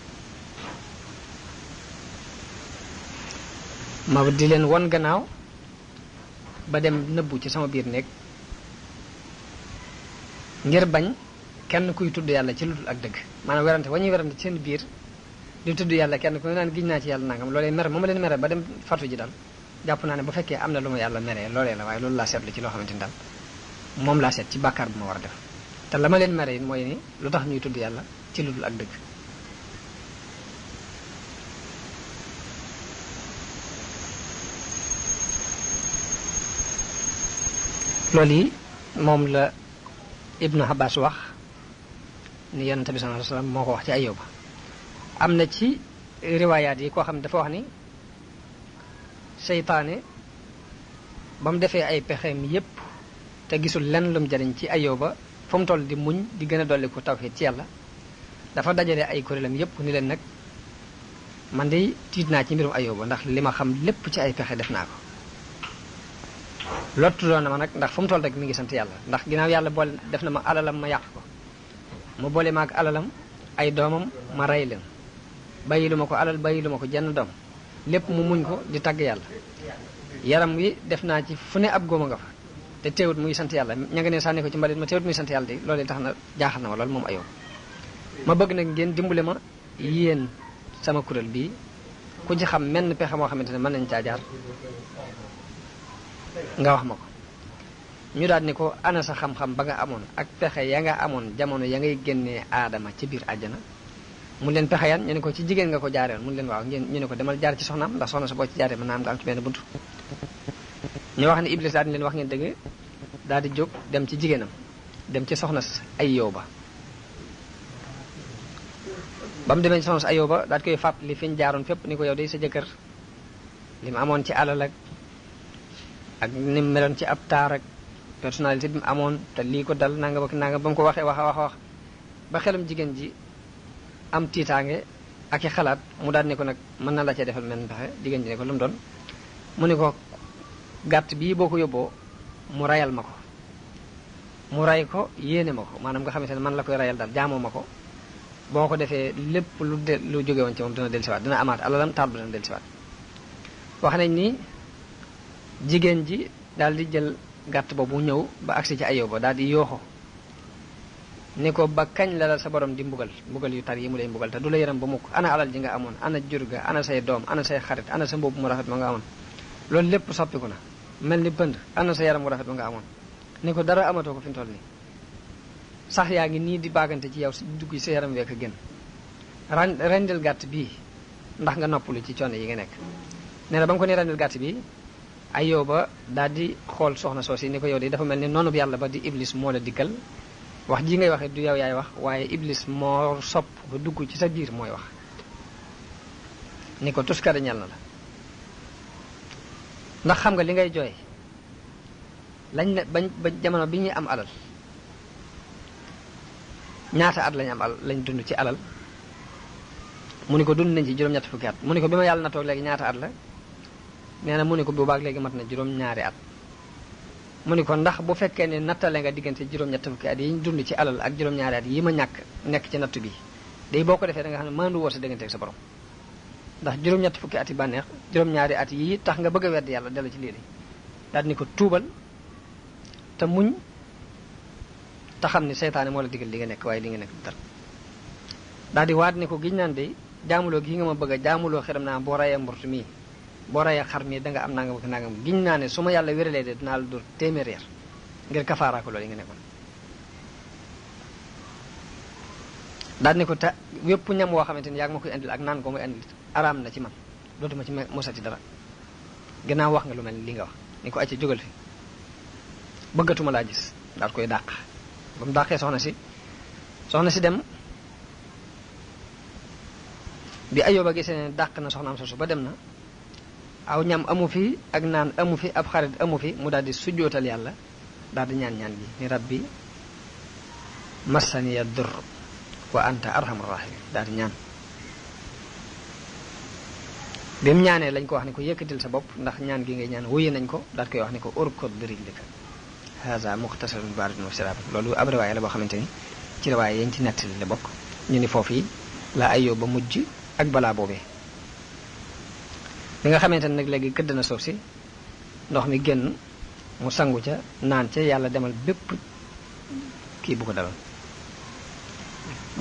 Speaker 1: ma di leen won gannaaw ba dem nëbbu ci sama biir néeg ngir bañ kenn kuy tudd yàlla ci lu dul ak dëgg maanaam werante wa ñuy werante ci seen biir di tudd yàlla kenn ku ne naan giñ naa ci yàlla nangam loolee mere ma ma leen mere ba dem fatu ji daal jàpp naa ne bu fekkee am na lu ma yàlla meree loolee la waaye loolu laa seetlu ci loo xamante ne daal moom laa set ci bàkkaar bu ma war a def te la ma leen mere it mooy ni lu tax ñuy tudd yàlla ci lu dul ak dëgg loolu yi moom la ibnu Abbas wax ni yonente bi sallallahu moo ko wax ci Ayyuba am na ci riwaayaat yi koo xam ne dafa wax ni seytaane ba mu defee ay pexeem yépp te gisul lenn lu jariñ ci Ayyuba fa mu toll di muñ di gën a ko tawxiid ci yàlla dafa dajale ay kuréelam yépp ni leen nag man de tiit naa ci mbirum ba ndax li ma xam lépp ci ay pexe def naa ko lottuloon na ma nag ndax fu mu toll rek mi ngi sant yàlla ndax ginnaaw yàlla boole def na ma alalam ma yàq ko mu boole ma ak alalam ay doomam ma rey leen bàyyi lu ma ko alal bàyyi lu ma ko jenn doom lépp mu muñ ko di tagg yàlla yaram wi def naa ci fu ne ab góoma nga fa te teewut muy sant yàlla ña ne sànni ko ci mbalit ma teewut muy sant yàlla di loolu tax na jaaxal na ma loolu moom ayoo ma bëgg nag ngeen dimbale ma yéen sama kuréel bii ku ci xam menn pexe moo xamante ne mën nañ caa jaar nga wax ma ko ñu daal ni ko ana sa xam-xam ba nga amoon ak pexe ya nga amoon jamono ya ngay génnee aadama ci biir àjjana mun leen pexe ñu ne ko ci jigéen nga ko jaareel mun leen waaw ngeen ñu ne demal jaar ci soxnaam ndax soxna sa boo ci jaaree mën naa am nga am ci benn bunt ñu wax ne Iblis daal di leen wax ngeen dëgg daal di jóg dem ci jigéenam dem ci soxna ay Ayyuba ba mu demee ci soxna si Ayyuba daal di koy fàttali fi ñu jaaroon fépp ni ko yow day sa jëkkër li mu ak ni mu meloon ci ab taar ak bi mu amoon te lii ko dal nanga ba nanga ba mu ko waxee wax a wax wax ba xelum jigéen ji am tiitaange ak i xalaat mu daan ne ko nag mën na la cee defal men pexe jigéen ji ne ko lu mu doon mu ni ko gàtt bii boo ko yóbboo mu rayal ma ko mu ray ko yéene ma ko maanaam nga xamante ne man la koy rayal daal jaamoo ma ko boo ko defee lépp lu de lu jóge woon ci moom dina dellusiwaat dina amaat alalam taat bu dana dellusiwaat wax jigéen ji daal di jël gàtt boobu ñëw ba agsi ci ayoo ba daal di yooxo ne ko ba kañ la la sa borom di mbugal mbugal yu tar yi mu lay mbugal te du la yaram ba mukk ana alal ji nga amoon ana jur ga ana say doom ana say xarit ana sa mbubb mu rafet ma nga amoon loolu lépp soppiku na mel ni bënd ana sa yaram mu rafet ma nga amoon ne ko dara amatoo ko fi toll ni sax yaa ngi nii di baagante ci yow si dugg sa yaram week gen ran rendil gàtt bii ndax nga noppalu ci coono yi nga nekk ne la ba ko rendil gàtt bii ayoba daal di xool soxna soosi ni ko yow di dafa mel ni noonu bi yàlla ba di iblis moo la diggal wax ji ngay waxe du yow yaay wax waaye iblis moo sopp ba dugg ci sa biir mooy wax ni ko tuskare ñal na la ndax xam nga li ngay jooy lañ ne bañ ba jamono bi ñuy am alal ñaata at lañ am alal lañ dund ci alal mu ni ko dund nañ ci juróom-ñett fukki at mu ni ko na léegi ñaata at la neena mu ne ko boobaak léegi mat na juróom ñaari at mu ni ko ndax bu fekkee ne nattale nga diggante juróom ñett fukki at yi ñu dund ci alal ak juróom ñaari at yi ma ñàkk nekk ci natt bi day boo ko defee da nga xam ne maandu wóor sa diggante ak sa borom ndax juróom ñett fukki at yi bànneex juróom ñaari at yi tax nga bëgg a wedd yàlla delu ci lii daal ni ko tuubal te muñ te xam ni seytaane moo la digal li nga nekk waaye li nga nekk daal di waat ni ko giñ naan de jaamuloo gi nga ma bëgg a jaamuloo xiram naa boo rayee Boraya rayee xar mi da nga am nangam ak nangam giñ na ne suma yalla yàlla wéralee de dinaa la dur téeméer yar ngir kafara ko loolu nga nekkon daal ni ko ta wépp ñam wo xamanteni ni yaa ma koy andil ak naan ko muy andil aram na ci man dootuma ci ci dara gëna wax nga lu mel li nga wax ni ko acci jogal fi bëggatuma la gis dal koy daq ba mu soxna si soxna ci dem bi ayooba gisene ne na soxna am sosu ba dem na aw ñam amu fi ak naan amu fi ab xarit amu fi mu daal di sujjootal yàlla daal di ñaan-ñaan gi ni rabbi massaniya dur wa anta arhamar rahim daal ñaan bi ñaanee lañ ko wax ni ko yëkkatil sa bopp ndax ñaan gi ngay ñaan wuyu nañ ko daal koy wax ni ko urkod birijlika haza muxtasarun baridun wa sirab loolu ab riwaay la boo xamante ni ci riwaay yañ ci nettali la bokk ñu ni foofu yi la ayoo ba mujj ak balaa boobee bi nga xamante nag léegi këdd na suuf si ndox mi génn mu sangu ca naan ca yàlla demal bépp kii bu ko dalal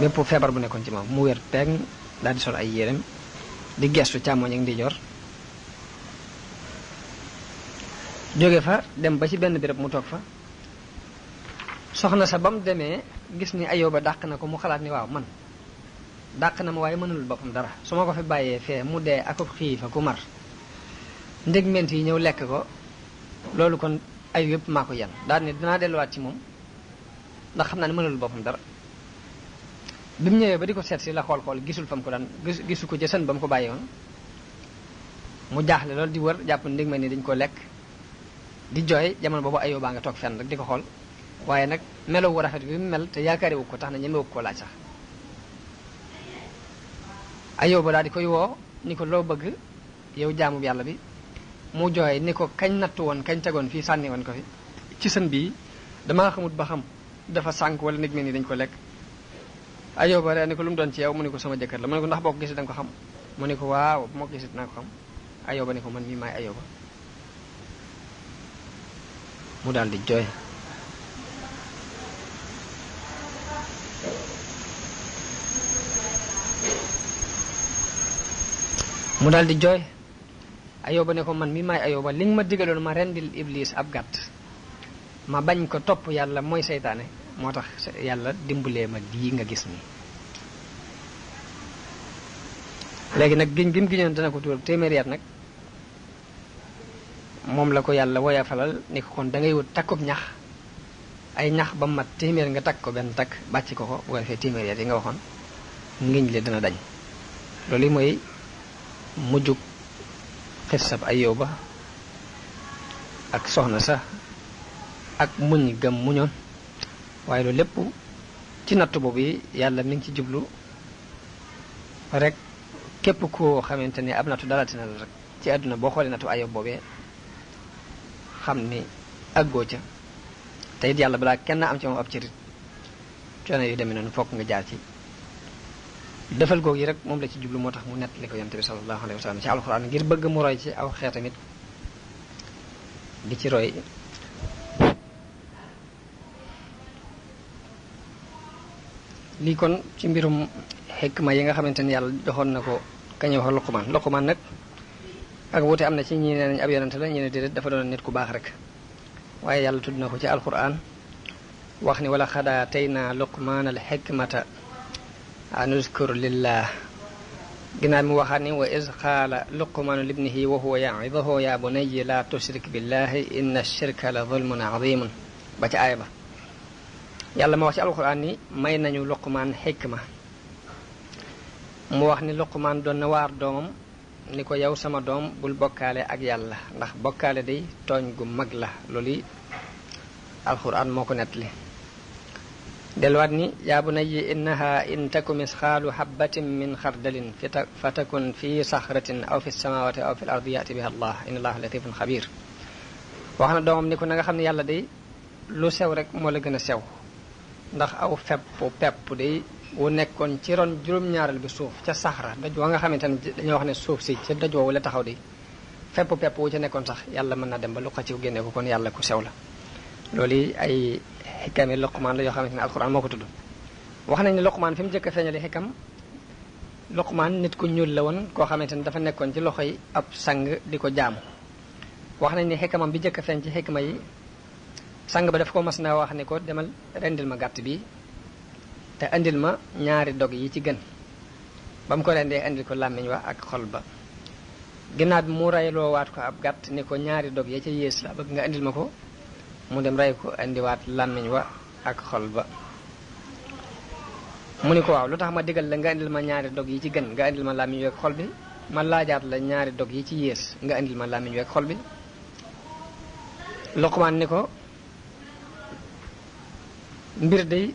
Speaker 1: bépp feebar bu nekkoon ci moom mu wér peeg daal di sol ay yérem di gestu càmmoñ ak ndijoor jóge fa dem ba ci benn béréb mu toog fa soxna sa bam demee gis ni ayoo ba dàq na ko mu xalaat ni waaw man dàq na ma waaye mënul boppam dara su ma ko fi bàyyee fee mu dee ak ku mar ndégment yi ñëw lekk ko loolu kon ay yëpp maa ko yan daal ne dinaa delluwaat ci moom ndax xam naa ne mënalul boppam dara bi mu ñëwee ba di ko seet si la xool-xool gisul fa mu ko daan gisu ko jësan ba mu ko bàyyi woon mu jaaxle loolu di wër jàpp ndégment yi dañ ko lekk di jooy jamono boobu ayoo baa nga toog fenn rek di ko xool waaye nag melo wu rafet bi mu mel te yaakaari wu ko tax na ñemewu ko laaj sax ayoo ba daal di koy woo ni ko loo bëgg yow jaamu yàlla bi mu jooy ni ko kañ natt woon kañ tegoon fii sànni woon ko fi ci sën bii damaa xamut ba xam dafa sànk wala nit mel ni dañ ko lekk Ayoba ree ni ko lu mu doon ci yow mu ne ko sama jëkkër la mu ne ko ndax boo ko gisee da ko xam mu ne ko waaw bu ma ko gisee dinaa ko ni ko man mii mu daal di jooy mu dal di jooy ayoba ne ko man mi maay ayoba li ma digaloon ma rendil iblis ab gàtt ma bañ ko topp yàlla mooy seytaane moo tax yàlla dimbalee ma lii nga gis nii léegi nag giñ gim giñoon dana ko tuur téeméer at nag moom la ko yàlla woya falal ni ko kon da ngay wut takkub ñax ay ñax ba mat téeméer nga takk ko benn takk bàcc ko ko bu ko defee téeméeri at yi nga waxoon ngiñ li dana dañ loolu yi mooy mujjug xissab Ayuba ak soxna sa ak muñ gëm muñoon waaye loolu lépp ci nattu boobu yi yàlla mi ngi ci jublu rek képp koo xamante ni ab nattu dalatina la rek ci àdduna boo xoolee nattu Ayuba boobee xam ni àggoo ca te it yàlla balaa kenn am ci moom ab cërit coono yu demee noonu fokk nga jaar ci defal googu yi rek moom la ci jublu moo tax mu nettali ko yonte bi sallallahu alayhi wa ci alxuraan ngir bëgg mu roy ci aw xeet tamit ci roy lii kon ci mbirum xikma yi nga xamante ni yàlla doxoon na ko kañu wax Luqmaan Luqmaan nag ak wuute am na ci ñi ne ab yonente la ñi ne déedéet dafa doon nit ku baax rek waaye yàlla tudd na ko ci alxuraan wax ni wala xadaa tey naa Luqmaan al anuskur lillah ginnaaw mi waxaat ni wa iz qaala luqmaanu libnihi wa huwa ya'iduhu ya bunayya la tushrik billahi inna shirka la zulmun azimun ba ci aaya ma wax ci alquran ni may nañu luqmaan xikma mu wax ni luqmaan doon na waar doomam ni ko yow sama doom bul bokkaale ak yàlla ndax bokkaale day tooñ gu mag la loolu yi alquran moo ko nettali delluwaat ni yaa bunayya innaha in taku misxaalu habbatin min xardalin fa takun fi saxratin aw fi samawati aw fi l ardi yati biha allah inna allaha latifun xabir wax na doomam ni ko nanga nga xam ne yàlla day lu sew rek moo la gën a sew ndax aw fepp pepp day wu nekkoon ci ron juróom-ñaaral bi suuf ca saxra daj wa nga xamante ne dañoo wax ne suuf si ca daj woowu la taxaw day fepp pepp wu ca nekkoon sax yàlla mën na dem ba lu xaciw génne ko kon yàlla ku sew la loolu xikkaami Luqmaan la yoo xamante ne alxuraan moo ko tudd wax nañ ne Luqmaan fi mu njëkk a feeñale xikkam Luqmaan nit ku ñuul la woon koo xamante ne dafa nekkoon ci loxo yi ab sang di ko jaamu wax nañ ne xikkamam bi njëkk a feeñ ci xikma yi sang ba daf ko mas na wax ne ko demal rendil ma gàtt bi te indil ma ñaari dog yi ci gën ba mu ko rendee indil ko làmmiñ wax ak xol ba ginnaaw bi mu reyloowaat ko ab gàtt ne ko ñaari dog ya ca yées la bëgg nga indil ma ko mu dem rey ko indiwaat làmmiñ wa ak xol ba mu ni ko waaw lu tax ma digal la nga indil ma ñaari dog yi ci gën nga indil ma làmmiñ wi ak xol bi ma laajaat ñaari dog yi ci yées nga indil ma làmmiñ wi xol bi Luqmaan ni ko mbir day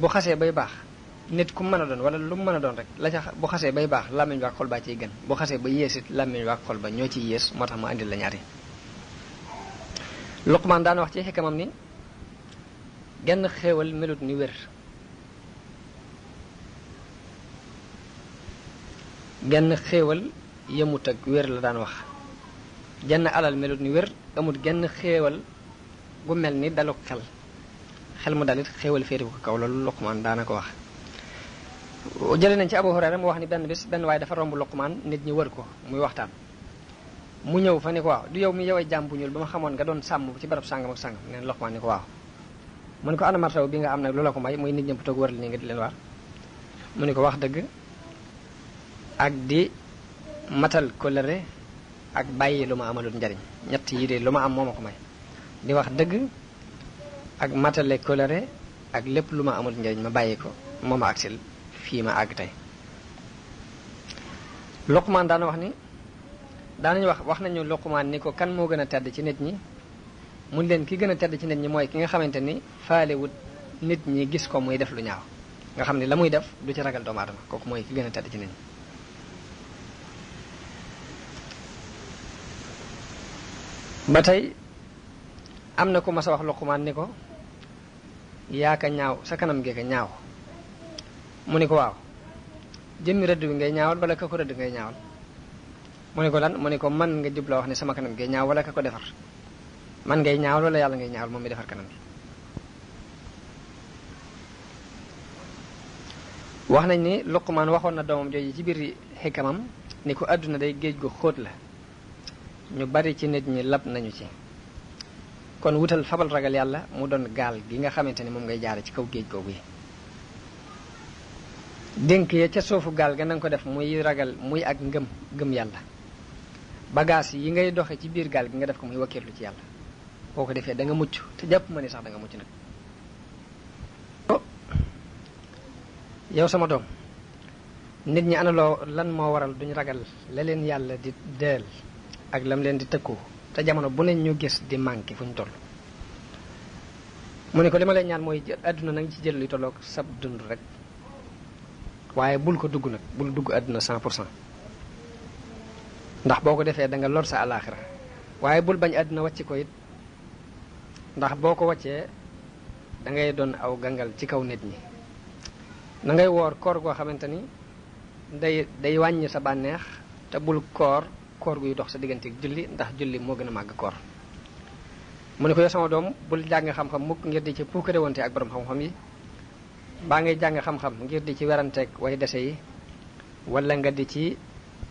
Speaker 1: bu xasee bay baax nit ku mën a doon wala lu mën a doon rek la ca bu xasee bay baax làmmiñ wa ak xol baa ciy gën bu xasee ba yées it làmmiñ wa ak xol ba ñoo ci yées moo tax ma indil la ñaari Luqmaan daan wax ci xikkamam ni genn xéewal melut ni wér genn xéewal yemut ak wér la daan wax genn alal melut ni wér amut genn xéewal gu mel ni daluk xel xel mu dalit xéewal féeri ko kaw loolu Luqmaan daana ko wax jële nañ ci Abu Hurayra mu wax ni benn bis benn waaye dafa romb Luqmaan nit ñi wër ko muy waxtaan mu ñëw fa ni ko waaw du yow mi yow ay jàmm ñuul ba ma xamoon nga doon sàmm ci barab sàngam ak sàngam neen Lokmaan ni ko waaw mu ni ko ana martaw bi nga am nag lu la ko may muy nit ñëpp toog wër la ni nga di leen waar mu ni ko wax dëgg ak di matal kolere ak bàyyi lu ma amaloon njariñ ñett yii lu ma am moo ko may di wax dëgg ak matale kóllëre ak lépp lu ma amul njariñ ma bàyyi ko moom ma agsil fii ma àgg tey Lokmaan daana wax ni daanañu wax wax nañu Luqmaan ni ko kan moo gën a tedd ci nit ñi mun leen ki gën a tedd ci nit ñi mooy ki nga xamante ni faalewut nit ñi gis ko muy def lu ñaaw nga xam ne la muy def du ci ragal doomu aadama kooku mooy ki gën a tedd ci nit ñi ba tey am na ku mas a wax Luqmaan ni ko yaa ka ñaaw sa kanam gee ka ñaaw mu ni ko waaw jëmmi rëdd bi ngay ñaawal wala ka ko rëdd ngay ñaawal mu ne ko lan mu ne ko man nga jubloo wax ne sama kanam ngay ñaaw wala ka ko defar man ngay ñaaw wala yàlla ngay ñaawal moom mi defar kanam gi wax nañ ni Luqmaan waxoon na doomam jooju ci biir xikamam ni ko àdduna day géej gu xóot la ñu bari ci nit ñi lab nañu ci kon wutal fabal ragal yàlla mu doon gaal gi nga xamante ni moom ngay jaare ci kaw géej googu yi dénk ya ca soofu gaal ga na ko def muy ragal muy ak ngëm ngëm yàlla bagage yi ngay doxé ci biir gal gi nga def ko muy wakirlu ci yalla boko defé da nga mucc te japp ma sax da nga mucc nak oh, yow sama dom nit ñi ana lan mo waral duñ ragal la leen di del ak lam leen di tëkkoo te jamono bu ne ñu gis di manki fuñ toll mu ne ko lima lay ñaan mooy aduna nag ci jël li tolloog sab dund rek waaye bul ko dugg nag bul dugg aduna cent ndax boo ko defee da nga lor sa alaxira waaye bul bañ àdduna wàcc ko it ndax boo ko wàccee da ngay doon aw gangal ci kaw nit ñi na ngay woor koor goo xamante ni day day wàññi sa bànneex te bul koor koor guy dox sa digganteeg julli ndax julli moo gën a màgg koor ko yow sama doom bul jàng xam-xam mukk ngir di ci puukare wonte ak borom xam-xam yi baa ngay jàng xam-xam ngir di ci weranteeg way dese yi wala nga di ci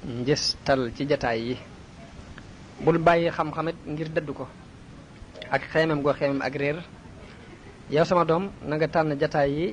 Speaker 1: njëstal ci jataay yi bul bàyyi xam-xamit ngir dëddu ko ak xeemem goo xeemem ak réer yow sama doom nanga nga tànn jataay yi